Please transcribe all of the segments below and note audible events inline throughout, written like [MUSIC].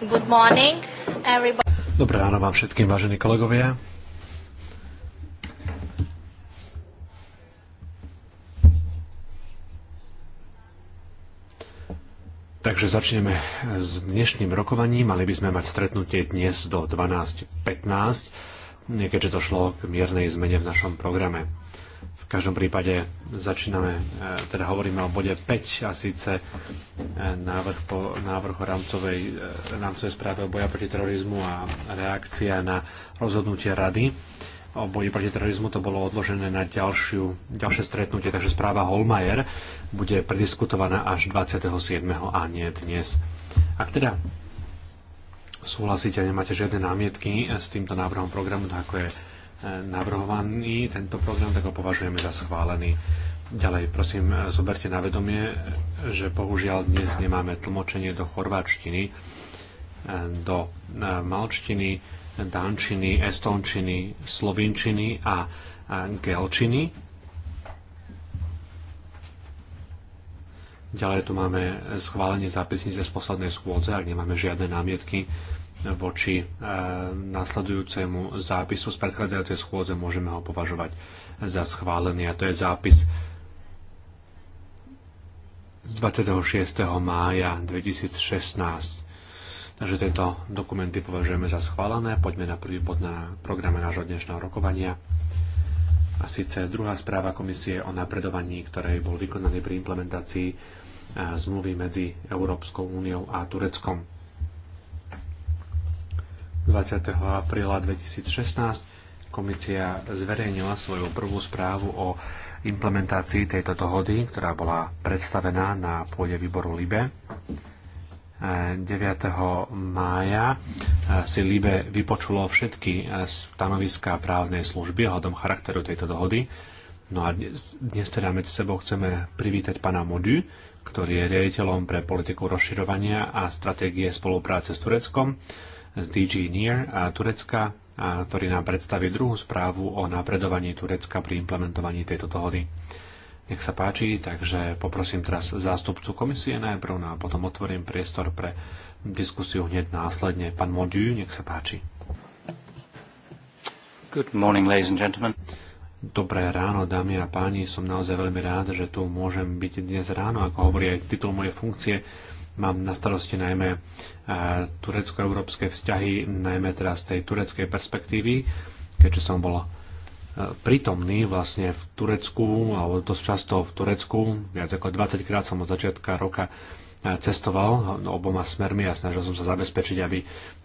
Good morning, everybody. Dobré ráno vám všetkým, vážení kolegovia. Takže začneme s dnešným rokovaním. Mali by sme mať stretnutie dnes do 12.15, keďže došlo k miernej zmene v našom programe. V každom prípade začíname, e, teda hovoríme o bode 5 a síce e, návrh po návrhu rámcovej, e, rámcovej správy o boja proti terorizmu a reakcia na rozhodnutie rady o boji proti terorizmu to bolo odložené na ďalšiu, ďalšie stretnutie, takže správa Holmajer bude prediskutovaná až 27. a nie dnes. Ak teda súhlasíte a nemáte žiadne námietky s týmto návrhom programu, tak ako je navrhovaný tento program, tak ho považujeme za schválený. Ďalej, prosím, zoberte na vedomie, že bohužiaľ dnes nemáme tlmočenie do chorváčtiny, do e, malčtiny, dančiny, estončiny, slovinčiny a gelčiny. Ďalej tu máme schválenie zápisnice z poslednej schôdze, ak nemáme žiadne námietky, voči e, nasledujúcemu zápisu z predchádzajúcej schôdze môžeme ho považovať za schválený a to je zápis z 26. mája 2016. Takže tieto dokumenty považujeme za schválené. Poďme na prvý bod na programe nášho dnešného rokovania. A síce druhá správa komisie o napredovaní, ktorej bol vykonaný pri implementácii e, zmluvy medzi Európskou úniou a Tureckom. 20. apríla 2016 komisia zverejnila svoju prvú správu o implementácii tejto dohody, ktorá bola predstavená na pôde výboru LIBE. 9. mája si Libe vypočulo všetky stanoviská právnej služby hľadom charakteru tejto dohody. No a dnes, dnes teda medzi sebou chceme privítať pana Modu, ktorý je riaditeľom pre politiku rozširovania a stratégie spolupráce s Tureckom z DG NIR a Turecka, a ktorý nám predstaví druhú správu o napredovaní Turecka pri implementovaní tejto dohody. Nech sa páči, takže poprosím teraz zástupcu komisie najprv no a potom otvorím priestor pre diskusiu hneď následne. Pán Modiu, nech sa páči. Good morning, ladies and gentlemen. Dobré ráno, dámy a páni. Som naozaj veľmi rád, že tu môžem byť dnes ráno, ako hovorí aj titul mojej funkcie Mám na starosti najmä e, turecko-európske vzťahy, najmä teraz z tej tureckej perspektívy, keďže som bol e, prítomný vlastne v Turecku, alebo dosť často v Turecku, viac ako 20 krát som od začiatka roka e, cestoval oboma smermi a snažil som sa zabezpečiť, aby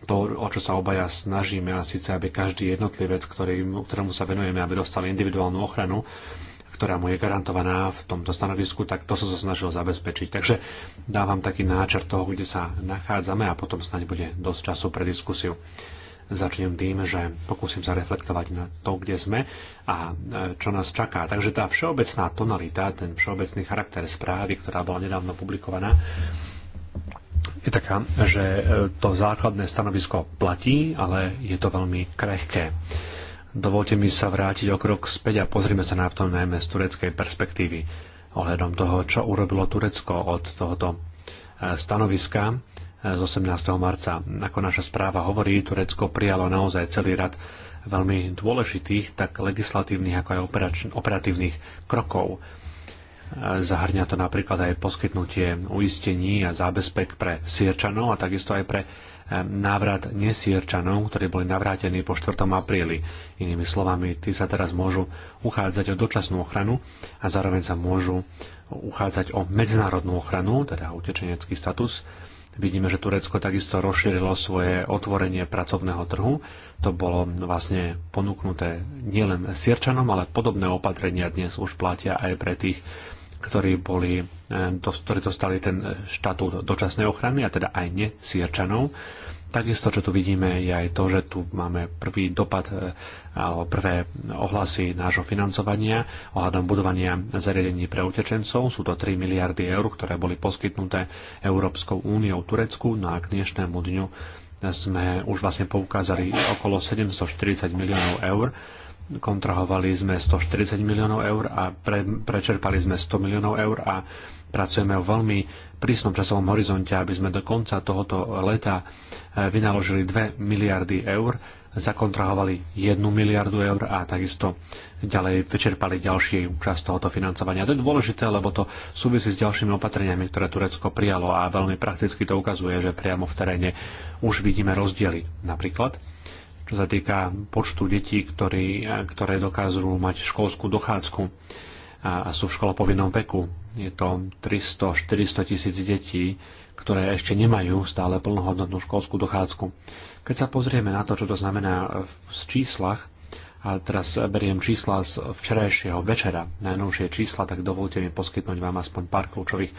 to, o čo sa obaja snažíme, a síce aby každý jednotlivec, ktorý, ktorému sa venujeme, aby dostal individuálnu ochranu, ktorá mu je garantovaná v tomto stanovisku, tak to som sa snažil zabezpečiť. Takže dávam taký náčrt toho, kde sa nachádzame a potom snáď bude dosť času pre diskusiu. Začnem tým, že pokúsim sa reflektovať na to, kde sme a e, čo nás čaká. Takže tá všeobecná tonalita, ten všeobecný charakter správy, ktorá bola nedávno publikovaná, je taká, že e, to základné stanovisko platí, ale je to veľmi krehké Dovolte mi sa vrátiť o krok späť a pozrime sa na to najmä z tureckej perspektívy ohľadom toho, čo urobilo Turecko od tohoto e, stanoviska e, z 18. marca. Ako naša správa hovorí, Turecko prijalo naozaj celý rad veľmi dôležitých, tak legislatívnych, ako aj operatívnych krokov. E, zahrňa to napríklad aj poskytnutie uistení a zábezpek pre Sierčanov a takisto aj pre návrat nesierčanov, ktorí boli navrátení po 4. apríli. Inými slovami, tí sa teraz môžu uchádzať o dočasnú ochranu a zároveň sa môžu uchádzať o medzinárodnú ochranu, teda utečenecký status. Vidíme, že Turecko takisto rozšírilo svoje otvorenie pracovného trhu. To bolo vlastne ponúknuté nielen Sierčanom, ale podobné opatrenia dnes už platia aj pre tých, ktorí, boli, e, ktorí dostali ten štatút dočasnej ochrany, a teda aj ne Sierčanov. Takisto, čo tu vidíme, je aj to, že tu máme prvý dopad e, alebo prvé ohlasy nášho financovania ohľadom budovania zariadení pre utečencov. Sú to 3 miliardy eur, ktoré boli poskytnuté Európskou úniou Turecku na no dnešnému dňu sme už vlastne poukázali okolo 740 miliónov eur kontrahovali sme 140 miliónov eur a pre, prečerpali sme 100 miliónov eur a pracujeme o veľmi prísnom časovom horizonte, aby sme do konca tohoto leta e, vynaložili 2 miliardy eur, zakontrahovali 1 miliardu eur a takisto ďalej vyčerpali ďalší časť tohoto financovania. To je dôležité, lebo to súvisí s ďalšími opatreniami, ktoré Turecko prijalo a veľmi prakticky to ukazuje, že priamo v teréne už vidíme rozdiely. Napríklad čo sa týka počtu detí, ktorí, ktoré dokážu mať školskú dochádzku a, a sú v škole povinnom veku. Je to 300-400 tisíc detí, ktoré ešte nemajú stále plnohodnotnú školskú dochádzku. Keď sa pozrieme na to, čo to znamená v číslach, a teraz beriem čísla z včerajšieho večera, najnovšie čísla, tak dovolte mi poskytnúť vám aspoň pár kľúčových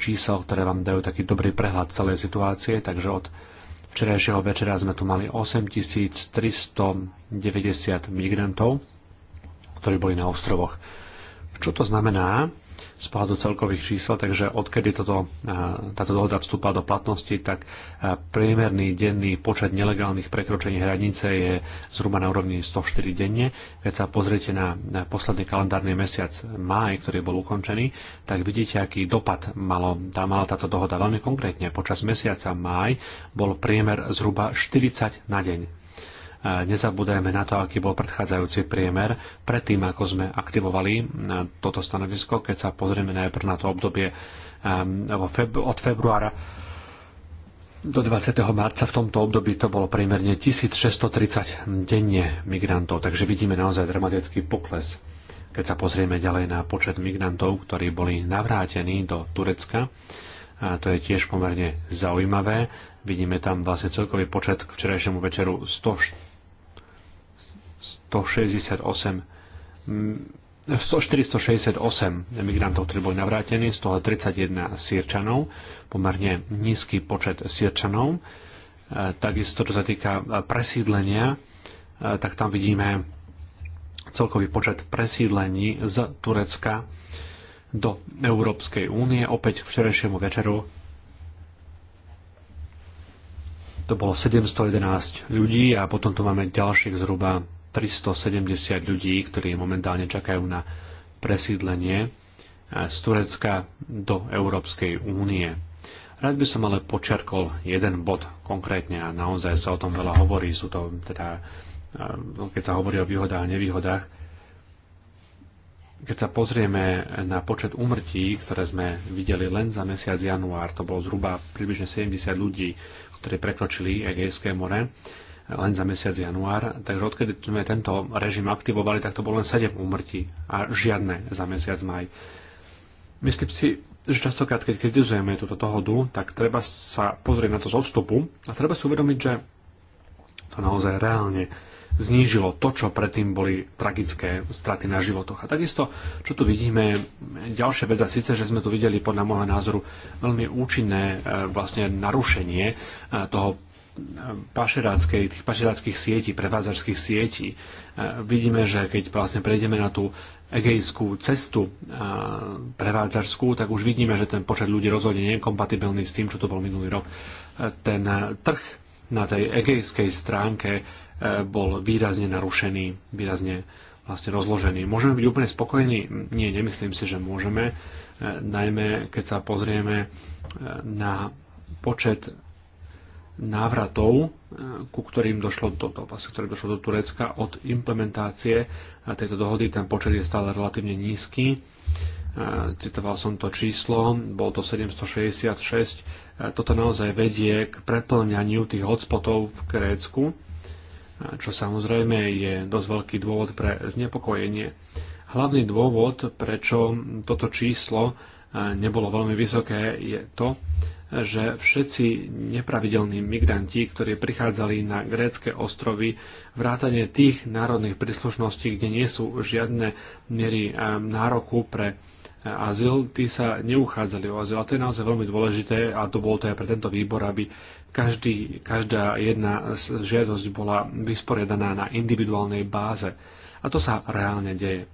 čísel, ktoré vám dajú taký dobrý prehľad celej situácie. Takže od včerajšieho večera sme tu mali 8390 migrantov, ktorí boli na ostrovoch. Čo to znamená? z pohľadu celkových čísel, takže odkedy toto, táto dohoda vstúpa do platnosti, tak priemerný denný počet nelegálnych prekročení hranice je zhruba na úrovni 104 denne. Keď sa pozriete na posledný kalendárny mesiac máj, ktorý bol ukončený, tak vidíte, aký dopad malo, tá, mala táto dohoda. Veľmi konkrétne, počas mesiaca máj bol priemer zhruba 40 na deň nezabúdajme na to, aký bol predchádzajúci priemer predtým, ako sme aktivovali e, toto stanovisko, keď sa pozrieme najprv na to obdobie e, od februára do 20. marca v tomto období to bolo priemerne 1630 denne migrantov, takže vidíme naozaj dramatický pokles. Keď sa pozrieme ďalej na počet migrantov, ktorí boli navrátení do Turecka, a to je tiež pomerne zaujímavé. Vidíme tam vlastne celkový počet k včerajšiemu večeru 104 168 468 emigrantov, ktorí boli navrátení, z toho 31 sírčanov, pomerne nízky počet sírčanov. E, takisto, čo sa týka e, presídlenia, e, tak tam vidíme celkový počet presídlení z Turecka do Európskej únie. Opäť k včerajšiemu večeru to bolo 711 ľudí a potom tu máme ďalších zhruba 370 ľudí, ktorí momentálne čakajú na presídlenie e, z Turecka do Európskej únie. Rád by som ale počerkol jeden bod konkrétne a naozaj sa o tom veľa hovorí. Sú to teda, e, keď sa hovorí o výhodách a nevýhodách, keď sa pozrieme na počet úmrtí, ktoré sme videli len za mesiac január, to bolo zhruba približne 70 ľudí, ktorí prekročili Egejské more, len za mesiac január. Takže odkedy sme tento režim aktivovali, tak to bolo len 7 úmrtí a žiadne za mesiac maj. Myslím si, že častokrát, keď kritizujeme túto dohodu, tak treba sa pozrieť na to z odstupu a treba si uvedomiť, že to naozaj reálne znížilo to, čo predtým boli tragické straty na životoch. A takisto, čo tu vidíme, ďalšia vec, a síce, že sme tu videli podľa môjho názoru veľmi účinné e, vlastne narušenie e, toho pašeráckej, tých pašeráckých sietí, prevádzačských sietí. E, vidíme, že keď vlastne prejdeme na tú egejskú cestu e, prevádzačskú, tak už vidíme, že ten počet ľudí rozhodne nie je kompatibilný s tým, čo to bol minulý rok. E, ten trh na tej egejskej stránke bol výrazne narušený, výrazne vlastne rozložený. Môžeme byť úplne spokojní? Nie, nemyslím si, že môžeme. Najmä keď sa pozrieme na počet návratov, e, ku ktorým došlo do, do, vlastne, ktorým došlo do Turecka od implementácie e, tejto dohody. Ten počet je stále relatívne nízky. E, citoval som to číslo, bolo to 766. Toto naozaj vedie k preplňaniu tých hotspotov v Grécku, čo samozrejme je dosť veľký dôvod pre znepokojenie. Hlavný dôvod, prečo toto číslo nebolo veľmi vysoké, je to, že všetci nepravidelní migranti, ktorí prichádzali na grécké ostrovy, vrátane tých národných príslušností, kde nie sú žiadne miery eh, nároku pre eh, azyl, tí sa neuchádzali o azyl. A to je naozaj veľmi dôležité a to bolo to aj pre tento výbor, aby každý, každá jedna žiadosť bola vysporiadaná na individuálnej báze. A to sa reálne deje.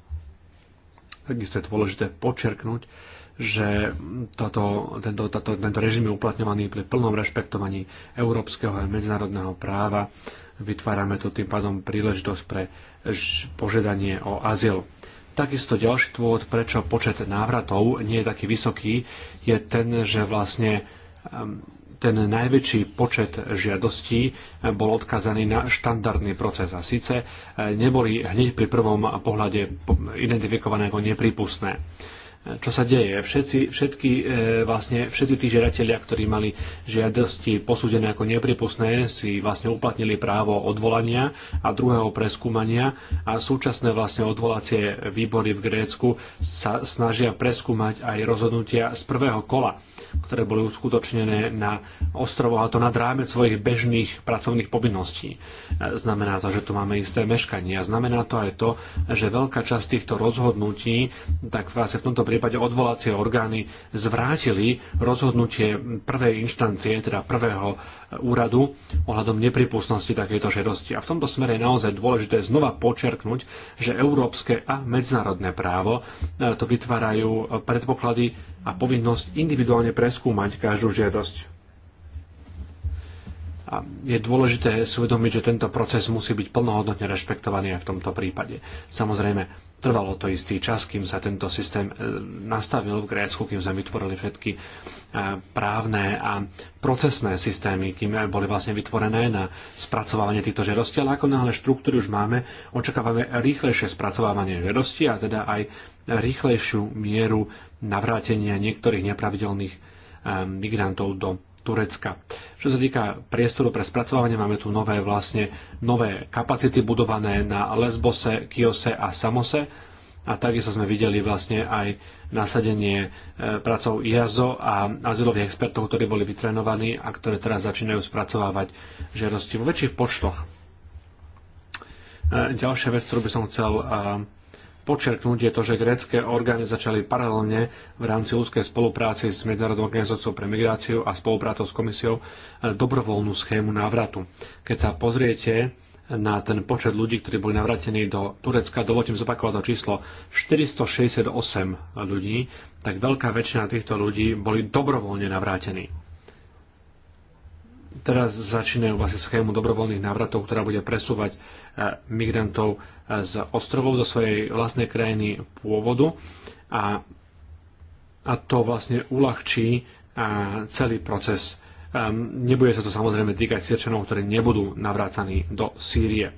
Takisto je dôležité počerknúť, že toto, tento, tato, tento režim je uplatňovaný pri plnom rešpektovaní európskeho a medzinárodného práva. Vytvárame tu tým pádom príležitosť pre požiadanie o azyl. Takisto ďalší dôvod, prečo počet návratov nie je taký vysoký, je ten, že vlastne ehm, ten najväčší počet žiadostí eh, bol odkazaný na štandardný proces a síce eh, neboli hneď pri prvom pohľade identifikované ako neprípustné čo sa deje. Všetci, všetky, e, vlastne, všetci tí žiadatelia, ktorí mali žiadosti posúdené ako nepripustné, si vlastne uplatnili právo odvolania a druhého preskúmania a súčasné vlastne odvolacie výbory v Grécku sa snažia preskúmať aj rozhodnutia z prvého kola, ktoré boli uskutočnené na ostrovo a to nad rámec svojich bežných pracovných povinností. E, znamená to, že tu máme isté meškanie a znamená to aj to, že veľká časť týchto rozhodnutí, tak vlastne v tomto prípade odvolacie orgány zvrátili rozhodnutie prvej inštancie, teda prvého e, úradu ohľadom nepripustnosti takejto žiadosti. A v tomto smere je naozaj dôležité znova počerknúť, že európske a medzinárodné právo e, to vytvárajú e, predpoklady a povinnosť individuálne preskúmať každú žiadosť. A je dôležité si uvedomiť, že tento proces musí byť plnohodnotne rešpektovaný aj v tomto prípade. Samozrejme, Trvalo to istý čas, kým sa tento systém e, nastavil v Grécku, kým sme vytvorili všetky e, právne a procesné systémy, kým boli vlastne vytvorené na spracovávanie týchto žiadostí, ale ako náhle štruktúry už máme, očakávame rýchlejšie spracovávanie žiadosti a teda aj rýchlejšiu mieru navrátenia niektorých nepravidelných e, migrantov do Turecka. Čo sa týka priestoru pre spracovanie, máme tu nové, vlastne, nové kapacity budované na Lesbose, Kiose a Samose. A takisto sme videli vlastne aj nasadenie e, pracov IAZO a azylových expertov, ktorí boli vytrenovaní a ktoré teraz začínajú spracovávať žiadosti vo väčších počtoch. E, ďalšia vec, ktorú by som chcel e, počerknúť, je to, že grécké orgány začali paralelne v rámci úzkej spolupráci s Medzárodnou organizáciou pre migráciu a spoluprácou s komisiou eh, dobrovoľnú schému návratu. Keď sa pozriete na ten počet ľudí, ktorí boli navrátení do Turecka, dovolím zopakovať to číslo 468 ľudí, tak veľká väčšina týchto ľudí boli dobrovoľne navrátení. Teraz začínajú vlastne schému dobrovoľných návratov, ktorá bude presúvať eh, migrantov z ostrovov do svojej vlastnej krajiny pôvodu a, a to vlastne uľahčí celý proces. Ehm, nebude sa to samozrejme týkať Sirčanov, ktorí nebudú navrácaní do Sýrie.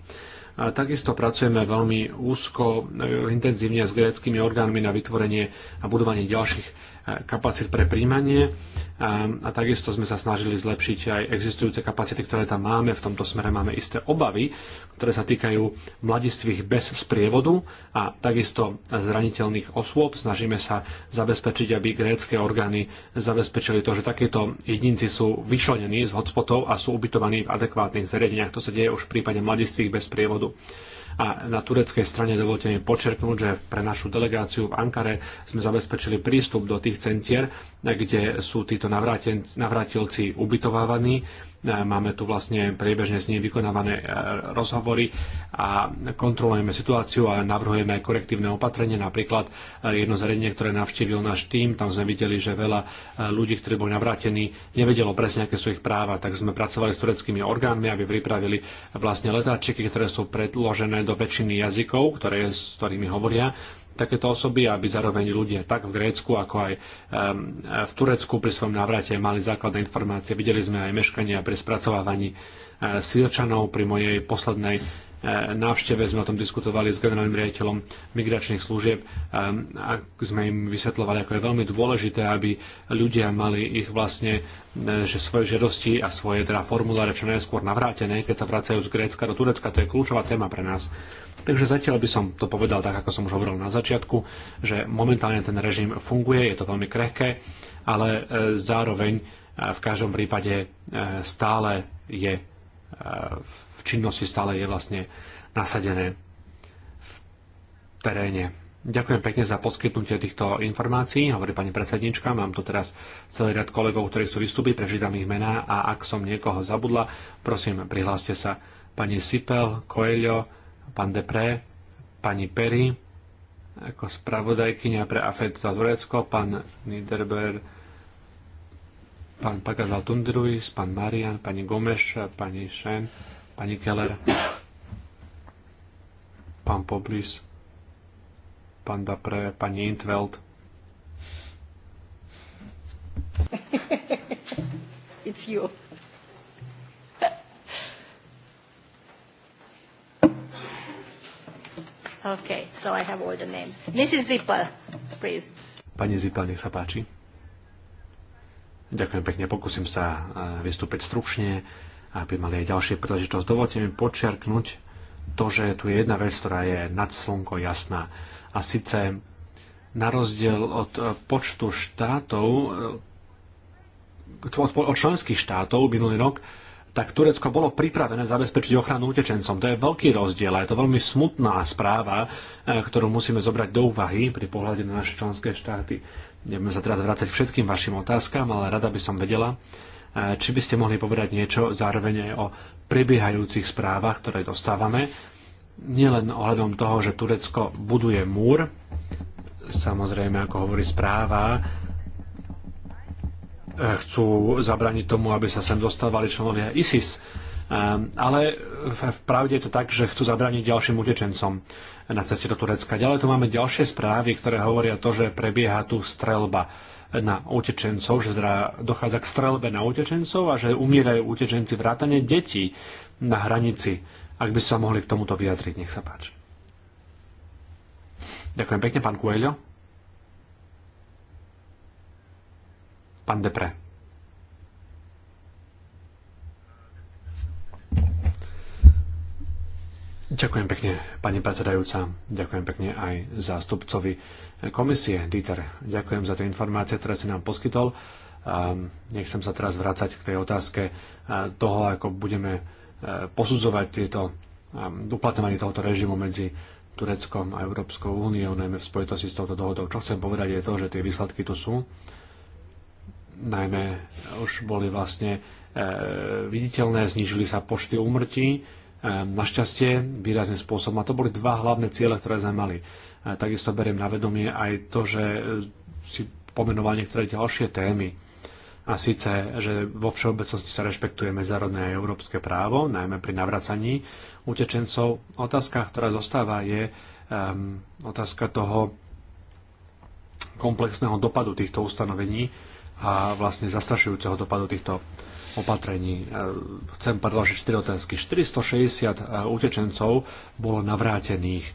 Takisto pracujeme veľmi úzko, e, intenzívne s gréckými orgánmi na vytvorenie a budovanie ďalších kapacít pre príjmanie a, a takisto sme sa snažili zlepšiť aj existujúce kapacity, ktoré tam máme. V tomto smere máme isté obavy, ktoré sa týkajú mladistvých bez sprievodu a takisto zraniteľných osôb. Snažíme sa zabezpečiť, aby grécké orgány zabezpečili to, že takéto jedinci sú vyčlenení z hotspotov a sú ubytovaní v adekvátnych zariadeniach. To sa deje už v prípade mladistvých bez sprievodu. A na tureckej strane dovolte mi počerknúť, že pre našu delegáciu v Ankare sme zabezpečili prístup do tých centier, kde sú títo navrátilci ubytovávaní Máme tu vlastne priebežne s nimi vykonávané e, rozhovory a kontrolujeme situáciu a navrhujeme aj korektívne opatrenie. Napríklad e, jedno zariadenie, ktoré navštívil náš tým, tam sme videli, že veľa e, ľudí, ktorí boli navrátení, nevedelo presne, aké sú ich práva, tak sme pracovali s tureckými orgánmi, aby pripravili vlastne letáčiky, ktoré sú predložené do väčšiny jazykov, ktoré, s ktorými hovoria takéto osoby, aby zároveň ľudia tak v Grécku, ako aj v Turecku pri svojom návrate mali základné informácie. Videli sme aj meškania pri spracovávaní eh, Sýrčanov pri mojej poslednej Eh, návšteve sme o tom diskutovali s generálnym riaditeľom migračných služieb eh, a sme im vysvetľovali, ako je veľmi dôležité, aby ľudia mali ich vlastne eh, že svoje žiadosti a svoje teda formuláre čo najskôr navrátené, keď sa vracajú z Grécka do Turecka. To je kľúčová téma pre nás. Takže zatiaľ by som to povedal tak, ako som už hovoril na začiatku, že momentálne ten režim funguje, je to veľmi krehké, ale zároveň v každom prípade stále je v činnosti stále je vlastne nasadené v teréne. Ďakujem pekne za poskytnutie týchto informácií, hovorí pani predsednička. Mám tu teraz celý rad kolegov, ktorí chcú vystúpiť, prečítam ich mená a ak som niekoho zabudla, prosím, prihláste sa. Pani Sipel, Coelho, pán Depré, pani Perry, ako spravodajkynia pre AFED za Turecko, pán Niederberg, pán Pagazal Tundruis, pán Marian, pani Gomeš, pani Šen, pani Keller, pán Poblis, pán Dapre, pani Intveld. [LAUGHS] It's you. [LAUGHS] okay, so I have all the names. Mrs. Zippel, please. Pani Zippel, nech sa páči. Ďakujem pekne, pokúsim sa e, vystúpiť stručne, aby mali aj ďalšie príležitosť. Dovolte mi počiarknúť to, že tu je jedna vec, ktorá je nad slnko jasná. A síce na rozdiel od e, počtu štátov, e, od členských štátov minulý rok, tak Turecko bolo pripravené zabezpečiť ochranu utečencom. To je veľký rozdiel a je to veľmi smutná správa, ktorú musíme zobrať do úvahy pri pohľade na naše členské štáty. Nebudem sa teraz vrácať všetkým vašim otázkam, ale rada by som vedela, e, či by ste mohli povedať niečo zároveň aj o prebiehajúcich správach, ktoré dostávame, nielen ohľadom toho, že Turecko buduje múr, samozrejme, ako hovorí správa, e, chcú zabraniť tomu, aby sa sem dostávali členovia ISIS, e, ale v pravde je to tak, že chcú zabraniť ďalším utečencom na ceste do Turecka. Ďalej tu máme ďalšie správy, ktoré hovoria to, že prebieha tu strelba na utečencov, že dochádza k strelbe na utečencov a že umierajú utečenci vrátane detí na hranici. Ak by sa mohli k tomuto vyjadriť, nech sa páči. Ďakujem pekne, pán Coelho. Pán Depre. Ďakujem pekne, pani predsedajúca. Ďakujem pekne aj zástupcovi komisie, Dieter. Ďakujem za tie informácie, ktoré si nám poskytol. Nechcem sa teraz vrácať k tej otázke toho, ako budeme e, posudzovať tieto uplatňovanie tohoto režimu medzi Tureckom a Európskou úniou, najmä v spojitosti s touto dohodou. Čo chcem povedať je to, že tie výsledky tu sú. Najmä už boli vlastne e, viditeľné, znižili sa počty úmrtí, Ehm, našťastie výrazným spôsobom. A to boli dva hlavné ciele, ktoré sme mali. Ehm, takisto beriem na vedomie aj to, že e, si pomenoval niektoré ďalšie témy. A síce, že vo všeobecnosti sa rešpektuje medzárodné a európske právo, najmä pri navracaní utečencov. Otázka, ktorá zostáva, je um, otázka toho komplexného dopadu týchto ustanovení a vlastne zastrašujúceho dopadu týchto opatrení. E, chcem predložiť 4 otázky. 460 e, utečencov bolo navrátených.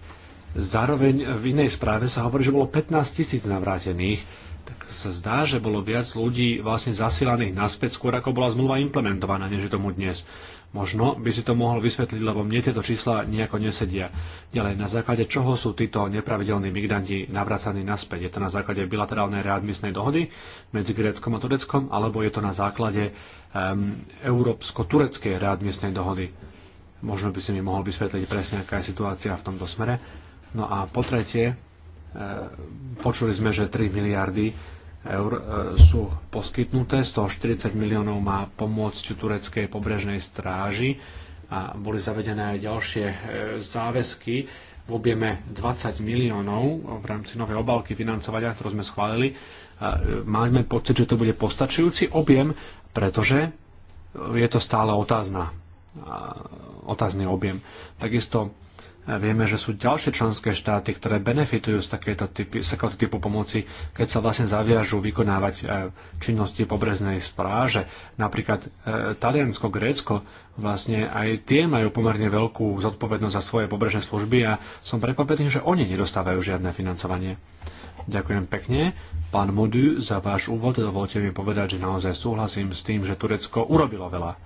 Zároveň v inej správe sa hovorí, že bolo 15 tisíc navrátených. Tak sa zdá, že bolo viac ľudí vlastne zasilaných naspäť skôr, ako bola zmluva implementovaná, než je tomu dnes. Možno by si to mohol vysvetliť, lebo mne tieto čísla nejako nesedia. Ďalej, na základe čoho sú títo nepravidelní migranti navracaní naspäť? Je to na základe bilaterálnej readmisnej dohody medzi Gréckom a Tureckom, alebo je to na základe um, európsko-tureckej readmisnej dohody? Možno by si mi mohol vysvetliť presne, aká je situácia v tomto smere. No a po tretie, eh, počuli sme, že 3 miliardy eur e, sú poskytnuté, z toho 40 miliónov má pomôcť tureckej pobrežnej stráži a boli zavedené aj ďalšie e, záväzky v objeme 20 miliónov v rámci novej obalky financovania, ktorú sme schválili. E, máme pocit, že to bude postačujúci objem, pretože je to stále otázna, otázny objem. Takisto Vieme, že sú ďalšie členské štáty, ktoré benefitujú z takéto typy, z takéto typu pomoci, keď sa vlastne zaviažú vykonávať e, činnosti pobreznej stráže. Napríklad e, Taliansko, Grécko, vlastne aj tie majú pomerne veľkú zodpovednosť za svoje pobrežné služby a som prekvapený, že oni nedostávajú žiadne financovanie. Ďakujem pekne. Pán Modu, za váš úvod dovolte mi povedať, že naozaj súhlasím s tým, že Turecko urobilo veľa.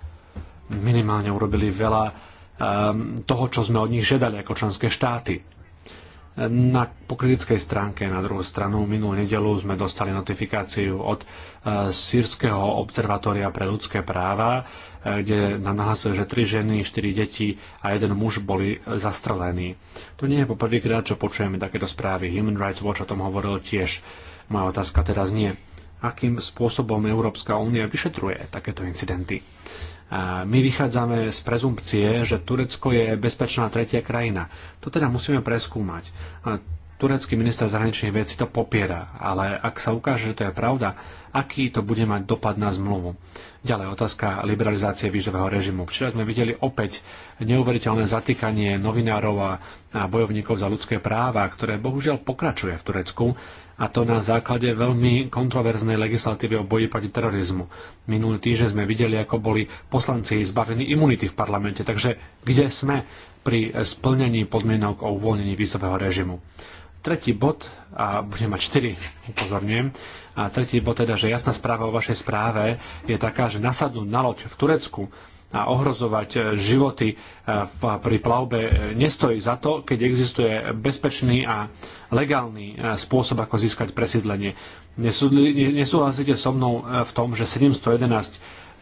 Minimálne urobili veľa Ehm, toho, čo sme od nich žiadali ako členské štáty. Na, po kritickej stránke na druhú stranu minulú nedelu sme dostali notifikáciu od e, Sýrského observatória pre ľudské práva, e, kde nám nahlasil, že tri ženy, štyri deti a jeden muž boli zastrelení. To nie je poprvýkrát, čo počujeme takéto správy. Human Rights Watch o tom hovoril tiež. Moja otázka teraz nie. Akým spôsobom Európska únia vyšetruje takéto incidenty? My vychádzame z prezumpcie, že Turecko je bezpečná tretia krajina. To teda musíme preskúmať. Turecký minister zahraničných vecí to popiera, ale ak sa ukáže, že to je pravda, aký to bude mať dopad na zmluvu. Ďalej otázka liberalizácie výžového režimu. Včera sme videli opäť neuveriteľné zatýkanie novinárov a bojovníkov za ľudské práva, ktoré bohužiaľ pokračuje v Turecku a to na základe veľmi kontroverznej legislatívy o boji proti terorizmu. Minulý týždeň sme videli, ako boli poslanci zbavení imunity v parlamente, takže kde sme pri splnení podmienok o uvoľnení výzového režimu. Tretí bod, a budem mať 4, upozorňujem, a tretí bod teda, že jasná správa o vašej správe je taká, že nasadnúť na loď v Turecku a ohrozovať e, životy e, pri plavbe e, nestojí za to, keď existuje bezpečný a legálny spôsob, ako získať presídlenie. Nesúhlasíte so mnou v tom, že 711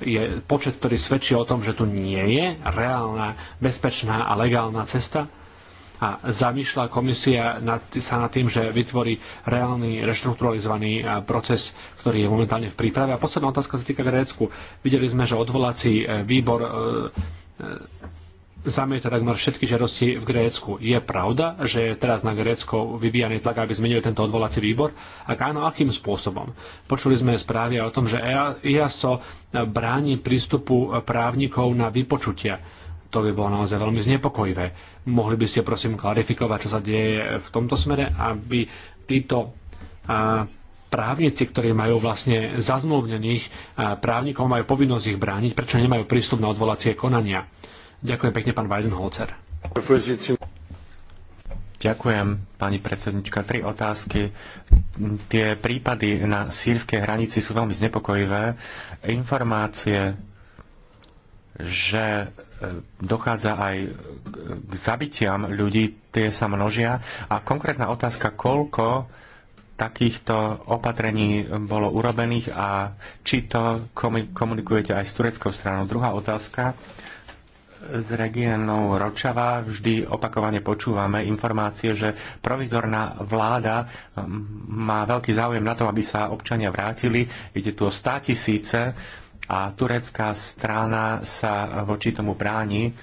je počet, ktorý svedčí o tom, že tu nie je reálna, bezpečná a legálna cesta? a zamýšľa komisia nad, sa nad tým, že vytvorí reálny reštrukturalizovaný proces, ktorý je momentálne v príprave. A posledná otázka sa týka Grécku. Videli sme, že odvolací e, výbor e, e, zamieta takmer všetky žiadosti v Grécku. Je pravda, že je teraz na Grécko vyvíjaný tlak, aby zmenili tento odvolací výbor? Ak áno, akým spôsobom? Počuli sme správy o tom, že EASO bráni prístupu právnikov na vypočutia to by bolo naozaj veľmi znepokojivé. Mohli by ste prosím klarifikovať, čo sa deje v tomto smere, aby títo právnici, ktorí majú vlastne zazmluvnených právnikov, majú povinnosť ich brániť, prečo nemajú prístup na odvolacie konania. Ďakujem pekne, pán Weidenholzer. Ďakujem, pani predsednička. Tri otázky. Tie prípady na sírskej hranici sú veľmi znepokojivé. Informácie že e, dochádza aj k zabitiam ľudí, tie sa množia. A konkrétna otázka, koľko takýchto opatrení bolo urobených a či to komunikujete aj s tureckou stranou. Druhá otázka z regiónu Ročava vždy opakovane počúvame informácie, že provizorná vláda má veľký záujem na to, aby sa občania vrátili. Ide tu o 100 tisíce a turecká strana sa voči tomu bráni.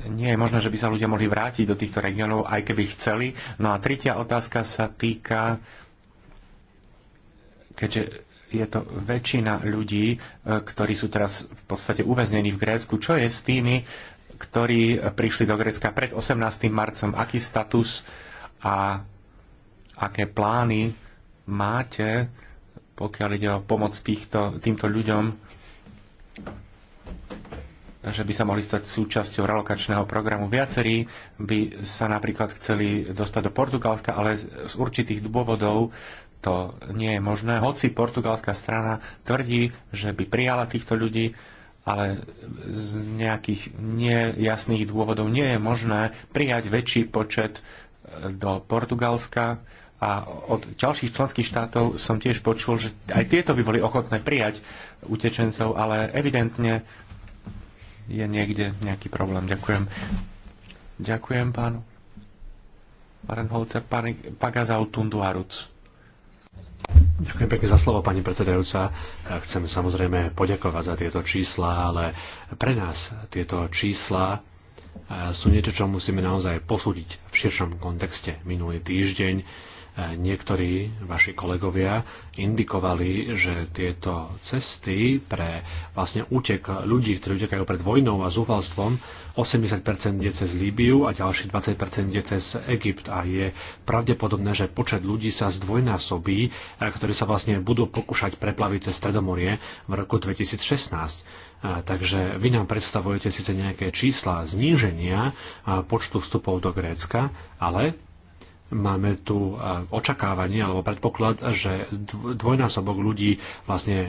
Nie je možné, že by sa ľudia mohli vrátiť do týchto regiónov, aj keby chceli. No a tretia otázka sa týka, keďže je to väčšina ľudí, e, ktorí sú teraz v podstate uväznení v Grécku. Čo je s tými, ktorí prišli do Grécka pred 18. marcom? Aký status a aké plány máte pokiaľ ide o pomoc týchto, týmto ľuďom, že by sa mohli stať súčasťou relokačného programu. Viacerí by sa napríklad chceli dostať do Portugalska, ale z určitých dôvodov to nie je možné. Hoci portugalská strana tvrdí, že by prijala týchto ľudí, ale z nejakých nejasných dôvodov nie je možné prijať väčší počet do Portugalska a od ďalších členských štátov som tiež počul, že aj tieto by boli ochotné prijať utečencov, ale evidentne je niekde nejaký problém. Ďakujem. Ďakujem pánu. Parenholzer, pán Pagazau Tunduaruc. Ďakujem pekne za slovo, pani predsedajúca. Chcem samozrejme poďakovať za tieto čísla, ale pre nás tieto čísla eh, sú niečo, čo musíme naozaj posúdiť v širšom kontexte. Minulý týždeň niektorí vaši kolegovia indikovali, že tieto cesty pre vlastne útek ľudí, ktorí utekajú pred vojnou a zúfalstvom, 80% ide cez Líbiu a ďalší 20% ide cez Egypt a je pravdepodobné, že počet ľudí sa zdvojnásobí, ktorí sa vlastne budú pokúšať preplaviť cez Stredomorie v roku 2016. A, takže vy nám predstavujete síce nejaké čísla zníženia počtu vstupov do Grécka, ale máme tu e, očakávanie alebo predpoklad, že dvojnásobok ľudí vlastne e,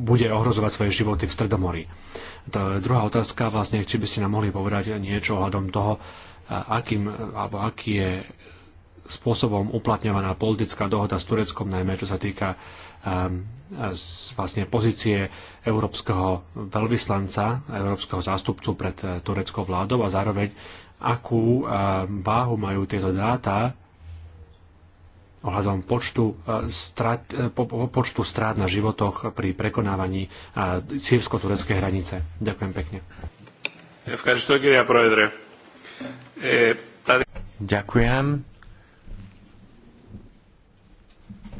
bude ohrozovať svoje životy v Stredomorí. To je druhá otázka, vlastne, či by ste nám mohli povedať niečo ohľadom toho, akým, alebo aký je spôsobom uplatňovaná politická dohoda s Tureckom, najmä čo sa týka z vlastne pozície európskeho veľvyslanca, európskeho zástupcu pred e, tureckou vládou a zároveň akú eh, váhu majú tieto dáta ohľadom počtu eh, strat, eh, po, počtu strát na životoch pri prekonávaní sírsko-tureckej hranice. Ďakujem pekne. Ďakujem.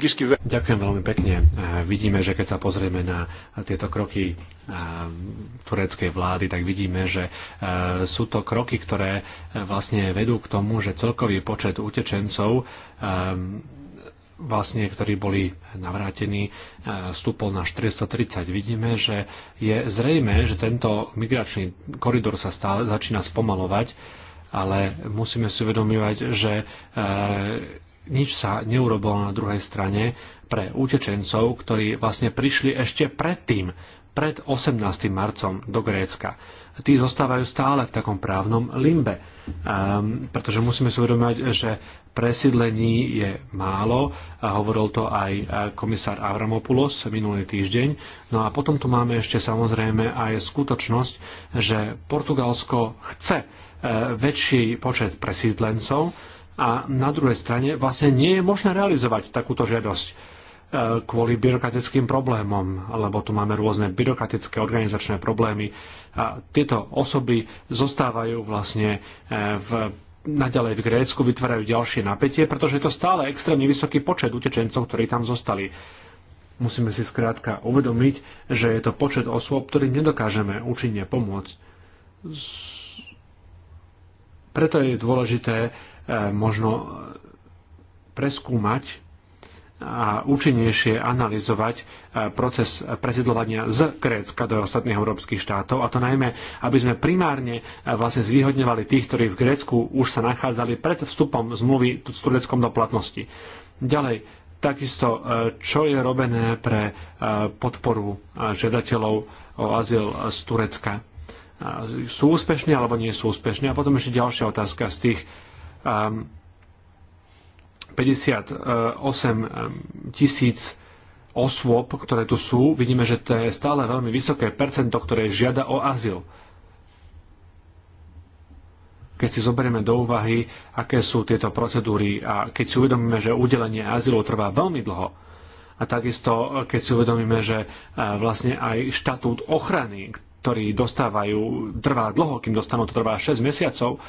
Ďakujem veľmi pekne. Vidíme, že keď sa pozrieme na tieto kroky tureckej vlády, tak vidíme, že sú to kroky, ktoré vlastne vedú k tomu, že celkový počet utečencov vlastne, ktorí boli navrátení, stúpol na 430. Vidíme, že je zrejme, že tento migračný koridor sa stále začína spomalovať, ale musíme si uvedomívať, že nič sa neurobilo na druhej strane pre utečencov, ktorí vlastne prišli ešte predtým, pred 18. marcom do Grécka. Tí zostávajú stále v takom právnom limbe, um, pretože musíme si uvedomať, že presídlení je málo, a hovoril to aj e, komisár Avramopoulos minulý týždeň. No a potom tu máme ešte samozrejme aj skutočnosť, že Portugalsko chce e, väčší počet presídlencov, a na druhej strane vlastne nie je možné realizovať takúto žiadosť e, kvôli byrokratickým problémom, lebo tu máme rôzne byrokratické organizačné problémy a tieto osoby zostávajú vlastne e, v naďalej v Grécku, vytvárajú ďalšie napätie, pretože je to stále extrémne vysoký počet utečencov, ktorí tam zostali. Musíme si skrátka uvedomiť, že je to počet osôb, ktorým nedokážeme účinne pomôcť. Preto je dôležité E, možno preskúmať a účinnejšie analyzovať e, proces presidlovania z Grécka do ostatných európskych štátov a to najmä, aby sme primárne e, vlastne zvýhodňovali tých, ktorí v Grécku už sa nachádzali pred vstupom zmluvy s Tureckom do platnosti. Ďalej, takisto, čo je robené pre podporu žiadateľov o azyl z Turecka. Sú úspešní alebo nie sú úspešní? A potom ešte ďalšia otázka z tých 58 ehm, eh, ehm, tisíc osôb, ktoré tu sú, vidíme, že to je stále veľmi vysoké percento, ktoré žiada o azyl. Keď si zoberieme do úvahy, aké sú tieto procedúry a keď si uvedomíme, že udelenie azylu trvá veľmi dlho, a takisto, eh, keď si uvedomíme, že eh, vlastne aj štatút ochrany, ktorý dostávajú, trvá dlho, kým dostanú, to trvá 6 mesiacov,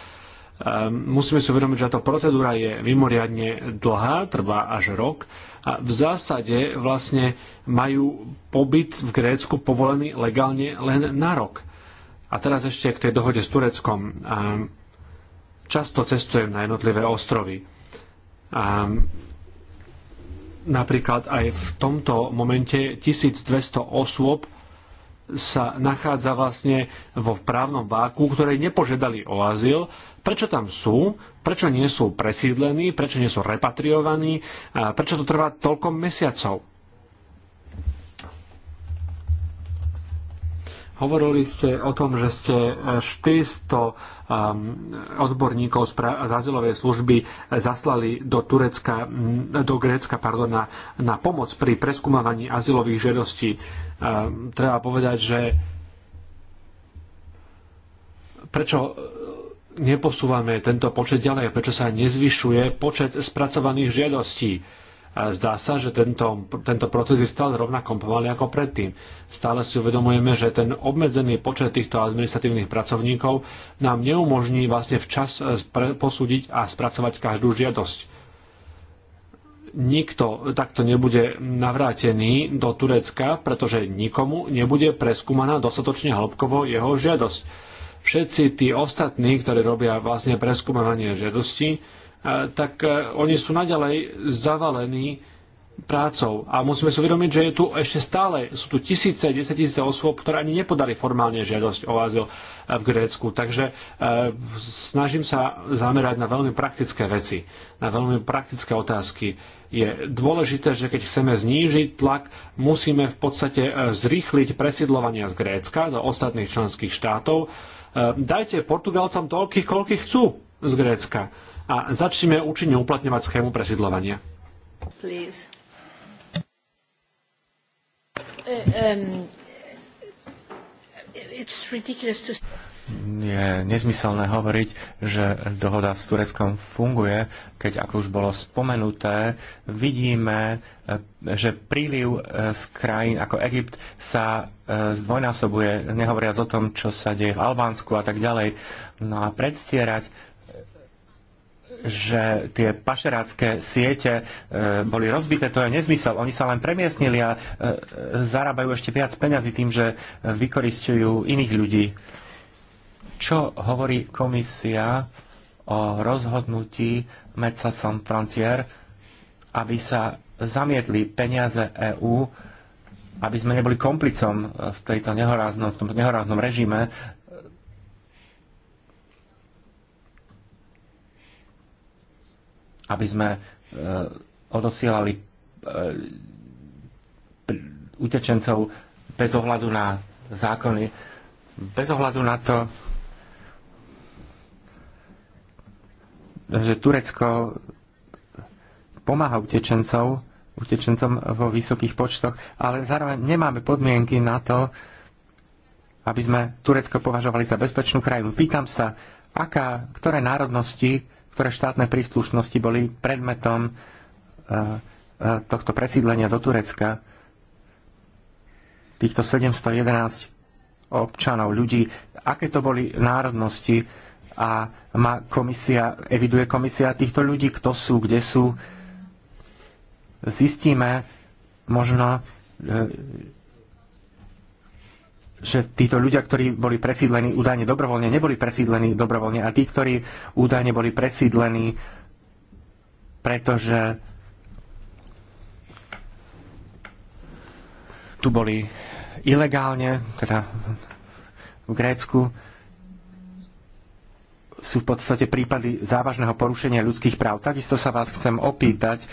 Ehm, musíme si uvedomiť, že táto procedúra je mimoriadne dlhá, trvá až rok a v zásade vlastne majú pobyt v Grécku povolený legálne len na rok. A teraz ešte k tej dohode s Tureckom. Ehm, často cestujem na jednotlivé ostrovy. Ehm, napríklad aj v tomto momente 1200 osôb sa nachádza vlastne vo právnom váku, ktoré nepožiadali o azyl Prečo tam sú? Prečo nie sú presídlení? Prečo nie sú repatriovaní? Prečo to trvá toľko mesiacov? Hovorili ste o tom, že ste 400 e, odborníkov z, pra- z azylovej služby zaslali do Turecka, do Grécka pardon, na, na pomoc pri preskúmavaní azylových žiadostí. E, treba povedať, že prečo neposúvame tento počet ďalej, prečo sa nezvyšuje počet spracovaných žiadostí. Zdá sa, že tento, tento proces je stále rovnako pomalý ako predtým. Stále si uvedomujeme, že ten obmedzený počet týchto administratívnych pracovníkov nám neumožní vlastne včas eh, posúdiť a spracovať každú žiadosť. Nikto takto nebude navrátený do Turecka, pretože nikomu nebude preskúmaná dostatočne hĺbkovo jeho žiadosť všetci tí ostatní, ktorí robia vlastne preskúmanie žiadosti, e, tak e, oni sú naďalej zavalení prácou. A musíme si uvedomiť, že je tu ešte stále, sú tu tisíce, desať tisíce osôb, ktoré ani nepodali formálne žiadosť o azyl e, v Grécku. Takže e, snažím sa zamerať na veľmi praktické veci, na veľmi praktické otázky. Je dôležité, že keď chceme znížiť tlak, musíme v podstate zrýchliť presidlovania z Grécka do ostatných členských štátov, E, dajte Portugalcom toľkých, koľkých chcú z Grécka a začneme účinne uplatňovať schému presidlovania. Please. E, um, it's ridiculous to je nezmyselné hovoriť, že dohoda s Tureckom funguje, keď, ako už bolo spomenuté, vidíme, e, že príliv e, z krajín ako Egypt sa e, zdvojnásobuje, nehovoriac o tom, čo sa deje v Albánsku a tak ďalej. No a predstierať, že tie pašerácké siete e, boli rozbité, to je nezmysel. Oni sa len premiestnili a e, zarábajú ešte viac peňazí tým, že vykoristujú iných ľudí čo hovorí komisia o rozhodnutí Medsason Frontier, aby sa zamietli peniaze EÚ, aby sme neboli komplicom eh, v, tejto nehoráznom, v tomto nehoráznom režime. aby sme e, odosielali e, utečencov bez ohľadu na zákony, bez ohľadu na to, že Turecko pomáha utečencov, utečencom vo vysokých počtoch, ale zároveň nemáme podmienky na to, aby sme Turecko považovali za bezpečnú krajinu. Pýtam sa, aká, ktoré národnosti, ktoré štátne príslušnosti boli predmetom e, e, tohto presídlenia do Turecka týchto 711 občanov, ľudí, aké to boli národnosti a má komisia, eviduje komisia týchto ľudí, kto sú, kde sú. Zistíme možno, e, že títo ľudia, ktorí boli presídlení údajne dobrovoľne, neboli presídlení dobrovoľne a tí, ktorí údajne boli presídlení, pretože tu boli ilegálne, teda v Grécku, sú v podstate prípady závažného porušenia ľudských práv. Takisto sa vás chcem opýtať, e,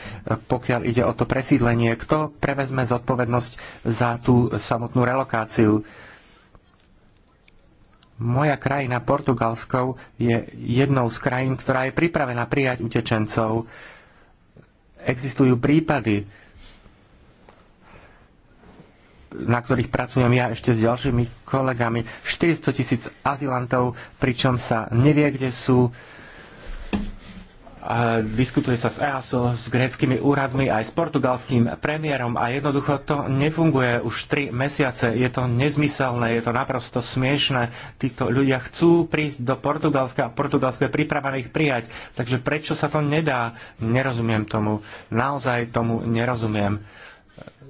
pokiaľ ide o to presídlenie, kto prevezme zodpovednosť za tú samotnú relokáciu. Moja krajina Portugalskou je jednou z krajín, ktorá je pripravená prijať utečencov. Existujú prípady, na ktorých pracujem ja ešte s ďalšími kolegami. 400 tisíc azilantov, pričom sa nevie, kde sú. A diskutuje sa s EASO, s gréckými úradmi, aj s portugalským premiérom a jednoducho to nefunguje už 3 mesiace. Je to nezmyselné, je to naprosto smiešné. Títo ľudia chcú prísť do Portugalska a Portugalsko je pripravené ich prijať. Takže prečo sa to nedá? Nerozumiem tomu. Naozaj tomu nerozumiem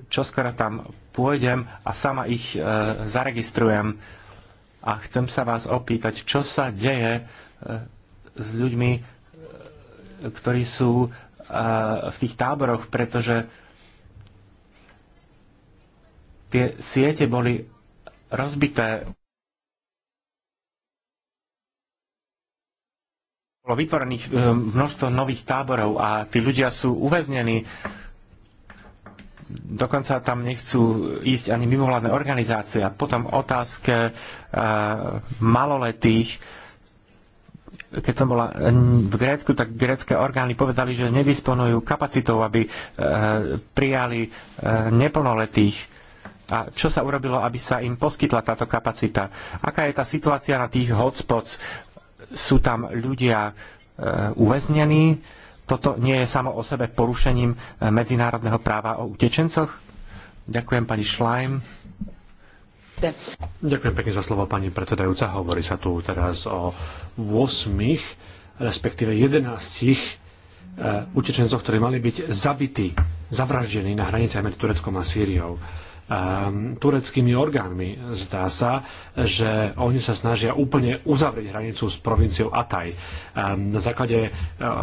čoskoro tam pôjdem a sama ich e, zaregistrujem. A chcem sa vás opýtať, čo sa deje e, s ľuďmi, e, ktorí sú e, v tých táboroch, pretože tie siete boli rozbité. Bolo vytvorených e, množstvo nových táborov a tí ľudia sú uväznení dokonca tam nechcú ísť ani mimovládne organizácie. A potom otázke eh, maloletých, keď som bola eh, v Grécku, tak grécké orgány povedali, že nedisponujú kapacitou, aby eh, prijali neplnoletých. A čo sa urobilo, aby sa im poskytla táto kapacita? Aká je tá situácia na tých hotspots? Sú tam ľudia uväznení? toto nie je samo o sebe porušením eh, medzinárodného práva o utečencoch? Ďakujem pani Šlajm. Ďakujem pekne za slovo, pani predsedajúca. Hovorí sa tu teraz o 8, respektíve 11 eh, utečencoch, ktorí mali byť zabití, zavraždení na hraniciach medzi Tureckom a Sýriou. Ehm, tureckými orgánmi. Zdá sa, že oni sa snažia úplne uzavrieť hranicu s provinciou Ataj. Ehm, na základe e,